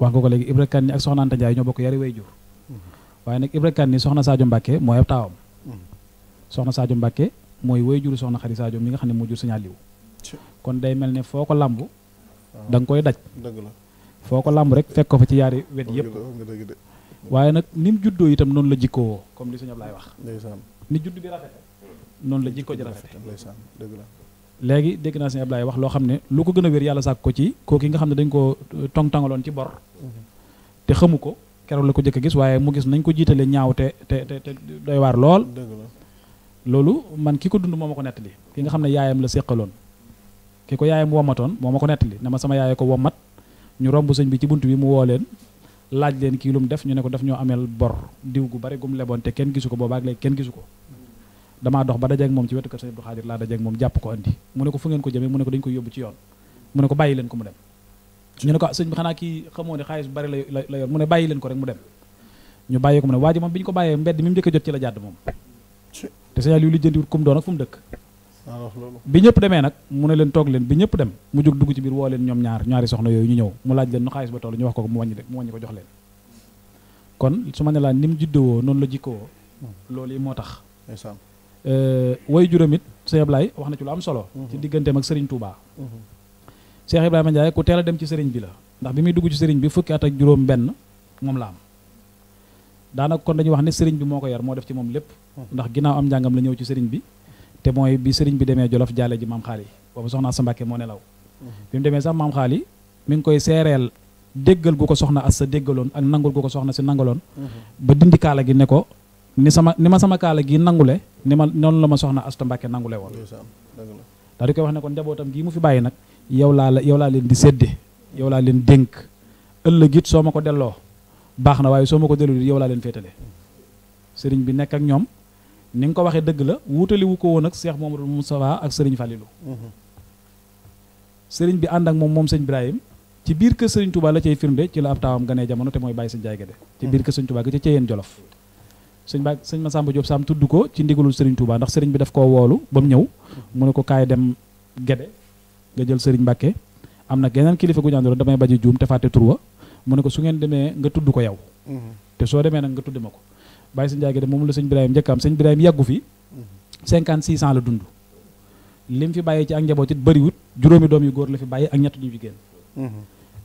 wax nga ko léegi Ibra Kan ni ak soxna Anta Njaay ñoo bokk way waaye nag Ibra Kan ni soxna Sadio Mbàkke mooy ab soxna mooy way juru soxna Xari Sadio mi nga xam ne moo jur Sëñ Aliw kon day mel ne foo ko làmb ah. da koy daj la foo ko làmb rek fekk ko fa ci yaari wet yëpp waaye nag ni mu juddoo itam noonu la jikkoo comme li sëñ Ablaye wax ni judd bi rafet noonu la jikko ji rafet léegi dégg naa sëñ Ablaye wax loo xam ne lu ko gën a wér yàlla sàkk ko ci kooki nga xam ne dañ ko euh, tong-tongaloon ci bor mhm. te xamu ko keroog la ko jëkk a gis waaye mu gis nañ ko jiitale ñaaw te te te doy waar lool loolu man ki ko dund moom ma ko nettali ki nga xam ne yaayam la séqaloon ki ko yaayam womatoon moo ma ko nettali ne ma sama yaaye ko womat ñu romb sëñ bi ci buntu bi mu woo leen laaj leen lu mu def ñu ne ko daf ñoo ameel bor diw gu bari gum leboon te kenn gisu ko boobaag léegi kenn gisu ko damaa dox ba dajeeg moom ci wetu kër sëñ Abdou Xaadir laa dajeeg moom jàpp ko andi mu ne ko fu ngeen ko jëmee mu ne ko dañ ko yóbbu ci yoon mu ne ko bàyyi leen ko mu dem ñu ne ko sëñ bi xanaa kii xamoo ne bari la la mu ne bàyyi leen ko rek mu dem ñu ko mu ne waa ji moom ko mi mu a jot ci la jàdd te kum doon ak fu mu dëkk bi ñëpp demee nag mu ne leen toog leen bi ñëpp dem mu jóg dugg ci biir woo leen ñoom ñaar ñaari soxna yooyu ñu ñëw mu laaj leen nu xaalis ba toll ñu wax ko mu wàññi de mu wàññi ko jox leen kon su ma ne laa ni mu juddoo noonu la jikkoo loolu yi moo tax euh, way juróomit Cheikh Ablaye wax na ci lu am solo ci mhm. digganteem ak Serigne Touba mhm. Cheikh Ibrahima Ndiaye ku teel dem ci Serigne bi la ndax bi muy dugg ci Serigne bi fukki at ak juróom benn moom la am daanaka kon dañuy wax ne Serigne bi moo ko yar moo def ci moom lépp mhm. ndax ginnaaw am njàngam la ñëw ci Serigne bi te mooy bi sëriñ bi demee Jolof jaale ji maam xaali boobu soxna Asta Mbàkke moo nelaw mhm. bi mu demee sax maam xaali mi ngi koy seereel déggal gu ko soxna Asta déggaloon ak nangul gu ko soxna si nangaloon mhm. ba dindi kaala gi ne ko ni sama ni ma sama kaala gi nangule ni ma noonu la ma soxna Asta Mbàkke nangule woon daa di koy wax ne ko njabootam gii mu fi bàyyi nag yow laa la yow laa leen di sédde yow laa leen dénk ëllëg soo ma ko delloo baax na waaye soo ma ko delloo yow laa leen féetale sëriñ ni nga ko waxee dëgg la wutali wu ko woon ak Cheikh Mamadou Moustapha ak Serigne Fallilou. Mhm. sëriñ bi ànd ak moom moom sëñ Ibrahima ci biir kër sëriñ Touba la cay firnde ci la ab taawam ganee jamono te mooy bàyyi sëñ Jaay Gédé ci biir kër Serigne Touba ga ca Ceyeen Jolof. sëñ Ba sëñ ma Massamba Diop Sam tudd ko ci ndigalul sëriñ Touba ndax Serigne bi daf koo woolu ba mu ñëw mu ne ko kaay dem Gédé nga jël sëriñ Mbacke am na geneen kilifa gu ñu àndoon damay baji juum te fàtte ne ko su ngeen demee nga tudd ko yow mhm. soo demee nag nga tudd ma ko Baye Sëñ Njaay de moom la sëñ Birahim njëkk am sëñ Birahim yàggu fi cinquante six ans la dund lim fi bàyyee ci ak njaboot it bëriwut juróomi doom yu góor la fi bàyyi ak ñett ñu jigéen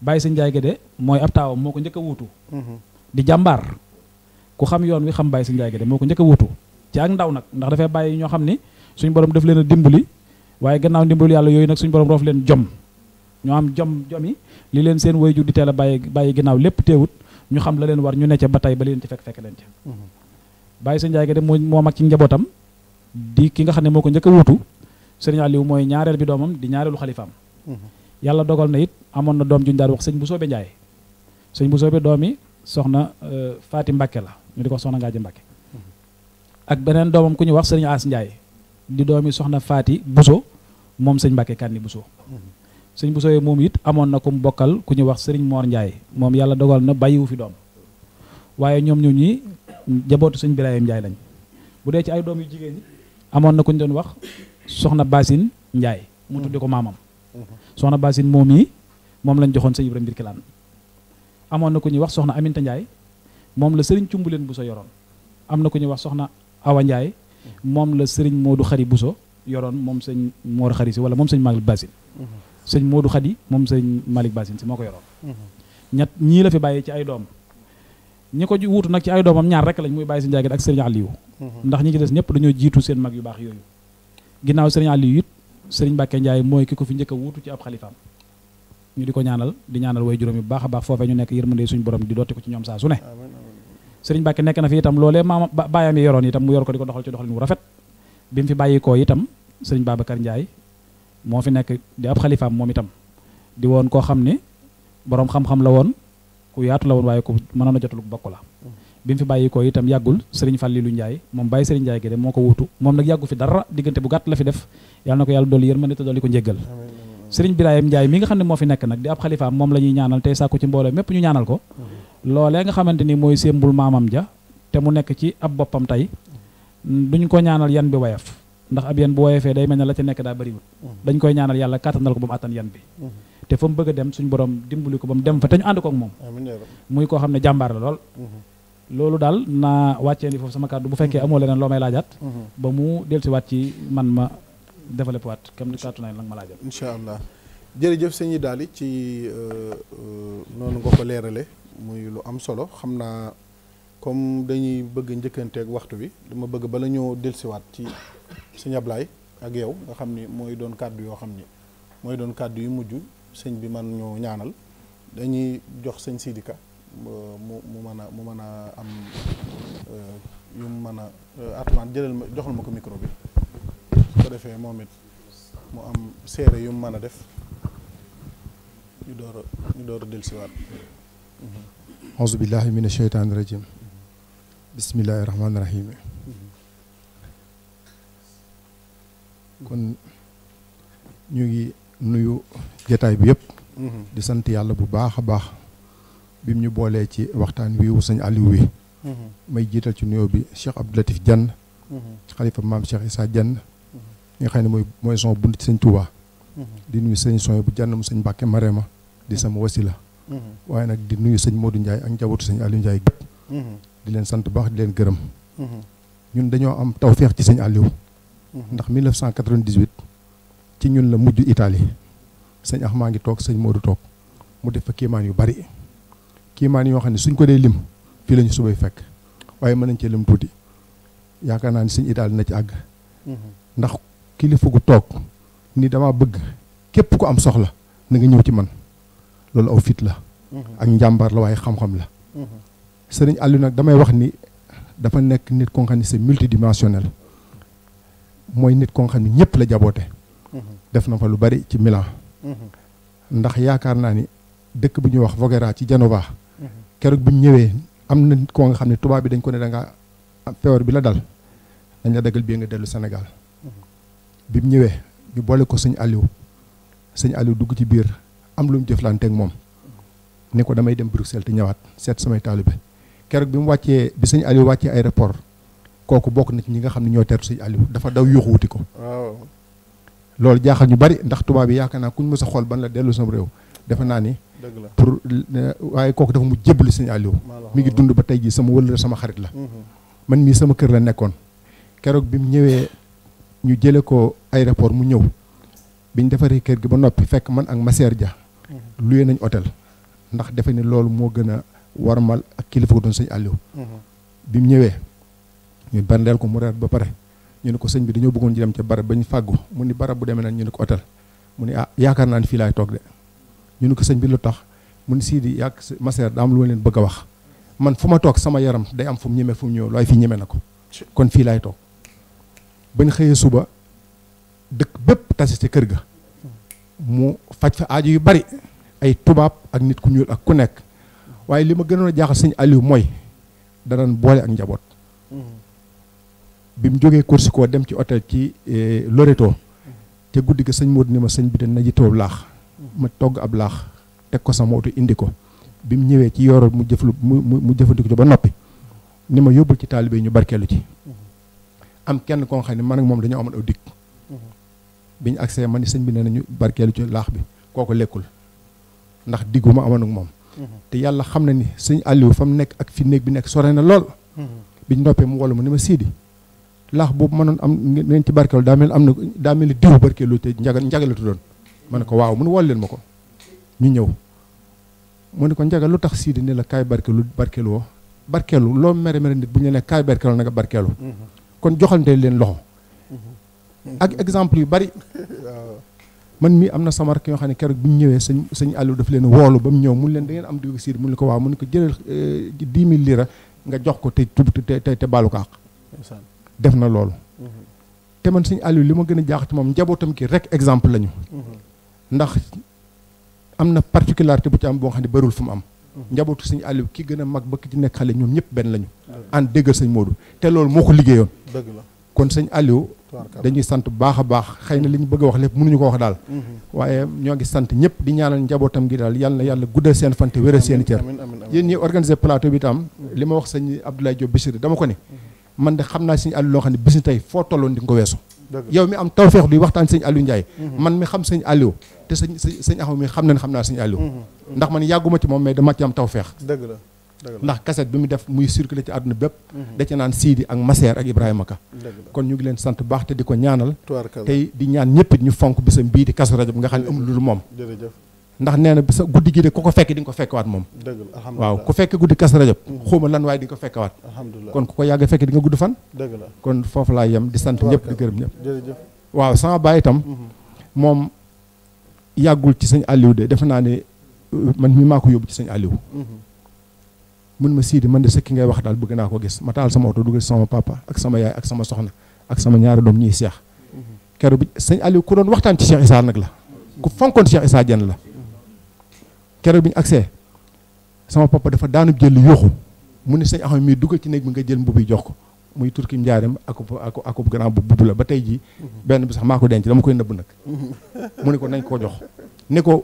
Baye Sëñ Njaay de mooy ab taawam moo ko njëkk a wuutu di jàmbaar ku xam yoon wi xam Baye Sëñ Njaay de moo ko njëkk a wuutu ci ak ndaw nag ndax dafay bàyyi ñoo xam ni suñ borom daf leen a dimbali waaye gannaaw dimbalu yàlla yooyu nag suñ borom roof leen jom ñoo am jom jomi li leen seen wayjur di a bàyyi bàyyi gannaaw lépp ñu xam la leen war ñu ne ca ba tey ba leen ci fekk fekk leen ca bàyyi sa njaay gi de moo moo mag ci njabootam di ki nga xam ne moo ko njëkk a wuutu sëriñ mooy ñaareel bi doomam di ñaareelu xalifaam yàlla dogal na it amoon na doom juñ daan wax sëñ bu soobe njaay sëñ bu soobe doomi soxna euh, Faati Mbàkke la ñu di ko soxna Ngaaji Mbàkke ak beneen doomam ku ñu wax sëriñ As Njaay di doomi soxna Faati Buso moom sëñ Mbàkke Kanni Buso sëñ bu sooyee moom it amoon na ko mu bokkal ku ñu wax sëriñ moor Ndiaye moom yàlla dogal na bàyyiwu fi doom waaye ñoom ñu ñi jabootu sëñ Birahim Ndiaye lañ bu dee ci ay doom yu jigéen ñi amoon na ku ñu doon wax soxna Basine Ndiaye mu ko maamam soxna Basine moom yi moom lañ joxoon sëñ Ibrahima Birkilaan amoon na ku ñuy wax soxna Aminta Ndiaye moom la sëriñ Cumbuleen Bousso yoroon am na ku ñuy wax soxna Awa Ndiaye moom la sëriñ moo Modou Xari Bousso yoroon moom sëñ Mor Xari si wala moom sëñ Magal Basine sëñ Modou Khady moom sëñ Malick Bassine si moo ko yoroon. ñett ñii la fi bàyyi ci ay doom ñi ko wuutu nag ci ay doomam ñaar rek lañ muy bàyyi si njaagit ak sëriñ Aliou mhm. ndax ñi ci des ñëpp dañoo jiitu seen mag yu baax yooyu ginnaaw sëriñ Aliou it sëriñ Mbacke Ndiaye mooy ki ko fi njëkk a wuutu ci ab xalifaam ñu di ko ñaanal di ñaanal way juróom yu baax baax foofee ñu nekk yërmande suñ borom di dotti ko ci ñoom saa su ne sëriñ Mbacke nekk na fi itam mu yor ko di ko doxal ci doxalin wu fi bàyyi koo itam sëriñ Babacar Ndiaye moo fi nekk di ab xalifaam moom itam di woon koo xam ni boroom xam-xam la woon ku yaatu la woon waaye ku mënoon a jotalu bokk la bi mu fi bàyyi ko itam yàggul sëriñ Fallilou Ndiaye moom bàyyi sëriñ Ndiaye gi de moo ko wuutu moom nag yàggu fi dara diggante bu gàtt la fi def yàlla na ko yàlla dolli yërmande te dolli ko njéggal sëriñ Birahim Ndiaye mi nga xam ne moo fi nekk nag di ab xalifaam moom la ñuy ñaanal tey sàkku ci mbooloo mépp ñu ñaanal ko lo nga xamante ni mooy sémbul maamam ja te mu nekk ci ab boppam tey duñ ko ñaanal yan bi wayaf ndax ab yan bu woyee fee day melni la ci nek da bari bëriwut mhm. dañ koy ñaanal yalla katandal ko bu mu attan bi mhm. te fam bëgg dem suñu borom dimbali ko bam dem fa tañu and ko ak mom muy ko xam ne la lol mhm. lolou dal na wàccee ni fofu sama kaddu bu fekkee amo leneen lo may lajat ba mu dellusiwaat ci man ma développer wat kam ni kaddu naa la ma laajaat inshallah allah jeuf señi daali ci euh, euh, nonu nga ko leerale muy lu am solo xamna comme dañuy bëgg ak waxtu bi dama bëgg bala ñoo wat ci sëñ Ablaye ak yow nga xamni moy doon kàddu yo xamni moy doon kàddu yu mujj sëñ bi man ñoo ñaanal dañuy jox sëñ Sidika mu mu mu mën am euh, yu mana euh, atman jëlal ma joxal mako micro bi ko defé momit mu am séré yu mana def ñu door ñu door a dellusiwaat auzu billahi minash shaitanir rajim bismillahir rahmanir rahim kon ñu ngi nuyu jataay bi yëpp. Mm-hmm. di sant yàlla bu baax a baax bim ñu boolee ci waxtaan wi wu sëñ Aliou wi. Mm-hmm. may jiital ci nuyoo bi Cheikh Abdou Latif Diagne. Mm-hmm. xalifa maam Cheikh Issa Diagne. ñi nga xam ne di nuyu sëñ son bu Diagne mu sëñ Mbàkke Marema di sama wasila. waaye nag di nuyu sëñ moodu njaay ak njabootu sëñ Aliou Ndiaye di leen sant baax di leen gërëm. ñun dañoo am tawféex ci sëñ Aliou. ndax 1998 ci ñun la mujj Italie sëñ maa ngi toog sëñ Modou toog mu def fa kiimaan yu bari kiimaan yoo xam ne suñ ko dee lim fii la ñu subay fekk waaye mën nañ cee lim tuuti yaakaar naa ni sëñ Italie na ci àgg. ndax kilifa gu toog ni damaa bëgg képp ku am soxla na nga ñëw ci man loolu aw fit la. ak njàmbaar la waaye xam-xam la. Mhm. sëriñ Aliou nag damay wax ni dafa nekk nit ko nga xam ne c'est multidimensionnel. mooy nit ko nga xam ne ñëpp la jaboote mhm. def na fa lu bari ci Milan mhm. ndax yaakaar naa ni dëkk bu ñuy wax Voghera ci Genova mhm. keroog bi mu ñëwee am na ko nga xam ne tubaab bi dañ ko ne da nga feebar bi la dal dañ la daggal bii nga dellu senegal bi mu ñëwee ñu boole ko sëñ Aliou sëñ Aliou dugg ci biir am lu mu jëflante moom ni ko damay dem Bruxelles te ñëwaat seet samay taalibe keroog bi mu wàccee bi sëñ Aliou wàccee ay aéroport kooku bokk na ci ñi nga xam ne ñoo teeru sëñ Aliou dafa daw yuuxu wuti ko. loolu jaaxal ñu bari ndax tubaab yi yaakaar naa kuñ mës a xool ban la dellu sam réew defe naa ni. dëgg la pour euh, waaye kooku dafa mu jébbalu sëñ Aliou. mi ngi dund ba tey jii sama wëllëre sama xarit la. Mm-hmm. man mii sama kër la nekkoon keroog bi mu ñëwee ñu jëlee ko aéroport mu ñëw biñ defaree kër gi ba noppi fekk man ak Masseer Dia. Mm-hmm. luyee nañ otel ndax defe ni loolu moo gën a warmal ak kilifa ko doon sëñ Aliou. Mm-hmm. bi mu ñëwee. ñu berndeel ko mu reer ba pare ñu ne ko sëñ bi dañoo bëggoon ñu dem ca barab ba ñu fàggu mu ni barab bu demee nan ñu ne ko hôtel mu ni ah yaakaar naa ne fii laay toog de ñu ne ko sëñ bi lu tax mu ni sii di yàgg ma seer daa am lu ma leen bëgg a wax man fu ma toog sama yaram day am fu mu ñemee ñëw looy fi ñeme na ko kon fii laay toog bañ xëyee suba dëkk bépp tasi ci kër ga mu faj fa aajo yu bari ay tubaab ak nit ku ñuul ak ku nekk waaye li ma gënoon a jaaxal sëñ Aliou mooy danaan boole ak njaboot mm-hmm. bi mu jógee Korsiko dem ci hôtel ci eh, Loreto te guddi gi sëñ Modou ni ma sëñ bi na ji toob laax ma togg ab laax teg ko sama oto indi ko bi mu ñëwee ci yooro mu jëflu mu mu jëfandiku ci ba noppi ni ma yóbbul ci taalibe ñu barkeelu ci am kenn koo xam ne man ak moom dañoo amoon aw dikk bi ñu ma ni sëñ bi ne nañu barkeelu ci laax bi kooku lekkul ndax diggu ma amoon ak moom te yàlla xam na ni sëñ Aliou fa mu nekk ak fi néeg bi nekk sore na lool bi ñu noppee mu wolu ma ni ma siidi laax boobu mënoon am ngeen ci barkeelu daa mel am na daa mel ni diw barkeelu te njaga njaga la tuddoon ma ne ko waaw mu ne leen ma ko ñu ñëw mu ne ko njaga lu tax siidi ne la kaay barkeelu barkeelu woo barkeelu loo mere mere nit bu ñu ne kaay barkeelu na nga barkeelu leen loxo ak exemple yu bari man mii am na sama rakk yoo xam ne keroog bu ñu ñëwee sëñ sëñ daf leen woolu ba mu ñëw mun leen da ngeen am diw mu ne ko waaw mu ne ko jëlal euh, dix mille nga jox ko te tub te te baalu ko àq def na loolu. te man suñu Aliou li ma gën a jaax ci moom njabootam ki rek exemple lañu. ndax am na particularité bu ci am boo xam ne bërul fu mu am. njabootu suñu Aliou ki gën a mag ba ki ci nekk xale ñoom ñëpp benn lañu. ànd déggal sëñ Modou te loolu moo ko liggéeyoon. dëgg la kon sëñ Aliou. dañuy sant baax a baax xëy na li ñu bëgg a wax lépp mënuñu ko wax daal. Mm-hmm. waaye ñoo ngi sant ñëpp di ñaanal njabootam gi daal yal na yàlla guddal seen fante wéral seen cër. yéen ñi organiser plateau bi tam. li ma wax ko ne. Mm-hmm. man de xam naa sëñ Aliou loo xam ne bis ni tey foo tolloon di nga ko weesu yow mi am tawfeex luy waxtaan sëñ Aliou Ndiaye mhm. man mi xam sëñ Aliou te sëñ sëñ mi xam na ne xam naa sëñ Aliou mhm. ndax man yàgguma ci moom mais dama ci am tawfeex dëgg la ndax cassette bi mu def muy circulé ci àdduna bépp mhm. da ci naan Sidi ak Masseer ak Ibrahima Ka kon ñu ngi leen sant baax te di ko ñaanal tey di ñaan ñëpp ñu fonk bisam bii di rajo bi nga xam ne amul lu moom ndax nee bisa guddi gi de ku ko fekk di nga ko fekkawaat moom dëgg la alhamdulilah waaw ku fekk guddi kas rajab mm-hmm. xuma lan di kon ku ko yàgg fekk di nga fan la kon foofu laa yam di sant ñëpp di gërëm ñëpp waaw sama baay itam mm-hmm. moom yàggul ci Aliou de defe naa ne euh, man mi maa ko yóbbu ci sëñ Aliou mm-hmm. mun ma man de sëkki ngay wax daal bëgg naa ko gis ma taal sama oto sama papa ak sama yaay ak sama soxna ak sama ñaari doom ñuy seex keroog bi sëñ Aliou ku doon waxtaan ci Cheikh Issa nag la ku Cheikh la keroog bi ñu agsee sama papa dafa daanub jël yuuxu mu ne sëñ axam mii duggal ci néeg bi nga jël mbubb yi jox ko muy turki njaareem akub akub akub grand bubu la ba tey jii benn bi sax maa ko denc dama koy nëbb nag mu ne ko nañ ko jox ne ko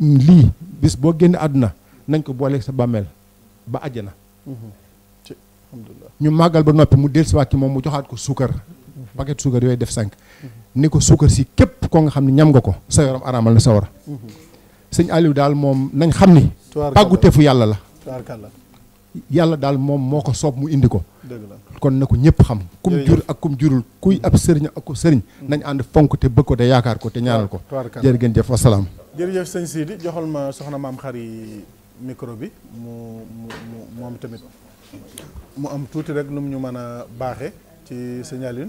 lii bis boo génnee àdduna nañ ko booleeg sa bàmmeel ba àjj na ñu màggal ba noppi mu del dellusiwaat ci moom mu joxaat ko suukar paquet suukar yooyu def cinq ni ko suukar si képp koo nga xam ne ñam nga ko sa yoram araamal na sëñ Aliou daal moom nañ xam ni. pàggute fu yàlla la. yàlla daal moom moo ko soob mu indi ko. kon na ko ñëpp xam. kum jur ak kum jurul kuy ab sëriñ ak sëriñ. Mm. nañ ànd fonk te bëgg ko te yaakaar ko te ñaanal ko. jërë ngeen jëf wasalaam. jërëjëf sëñ Sidi joxal ma soxna maam xari micro bi mu mu moom tamit mu am tuuti rek nu mu ñu mën a baaxee ci sëñ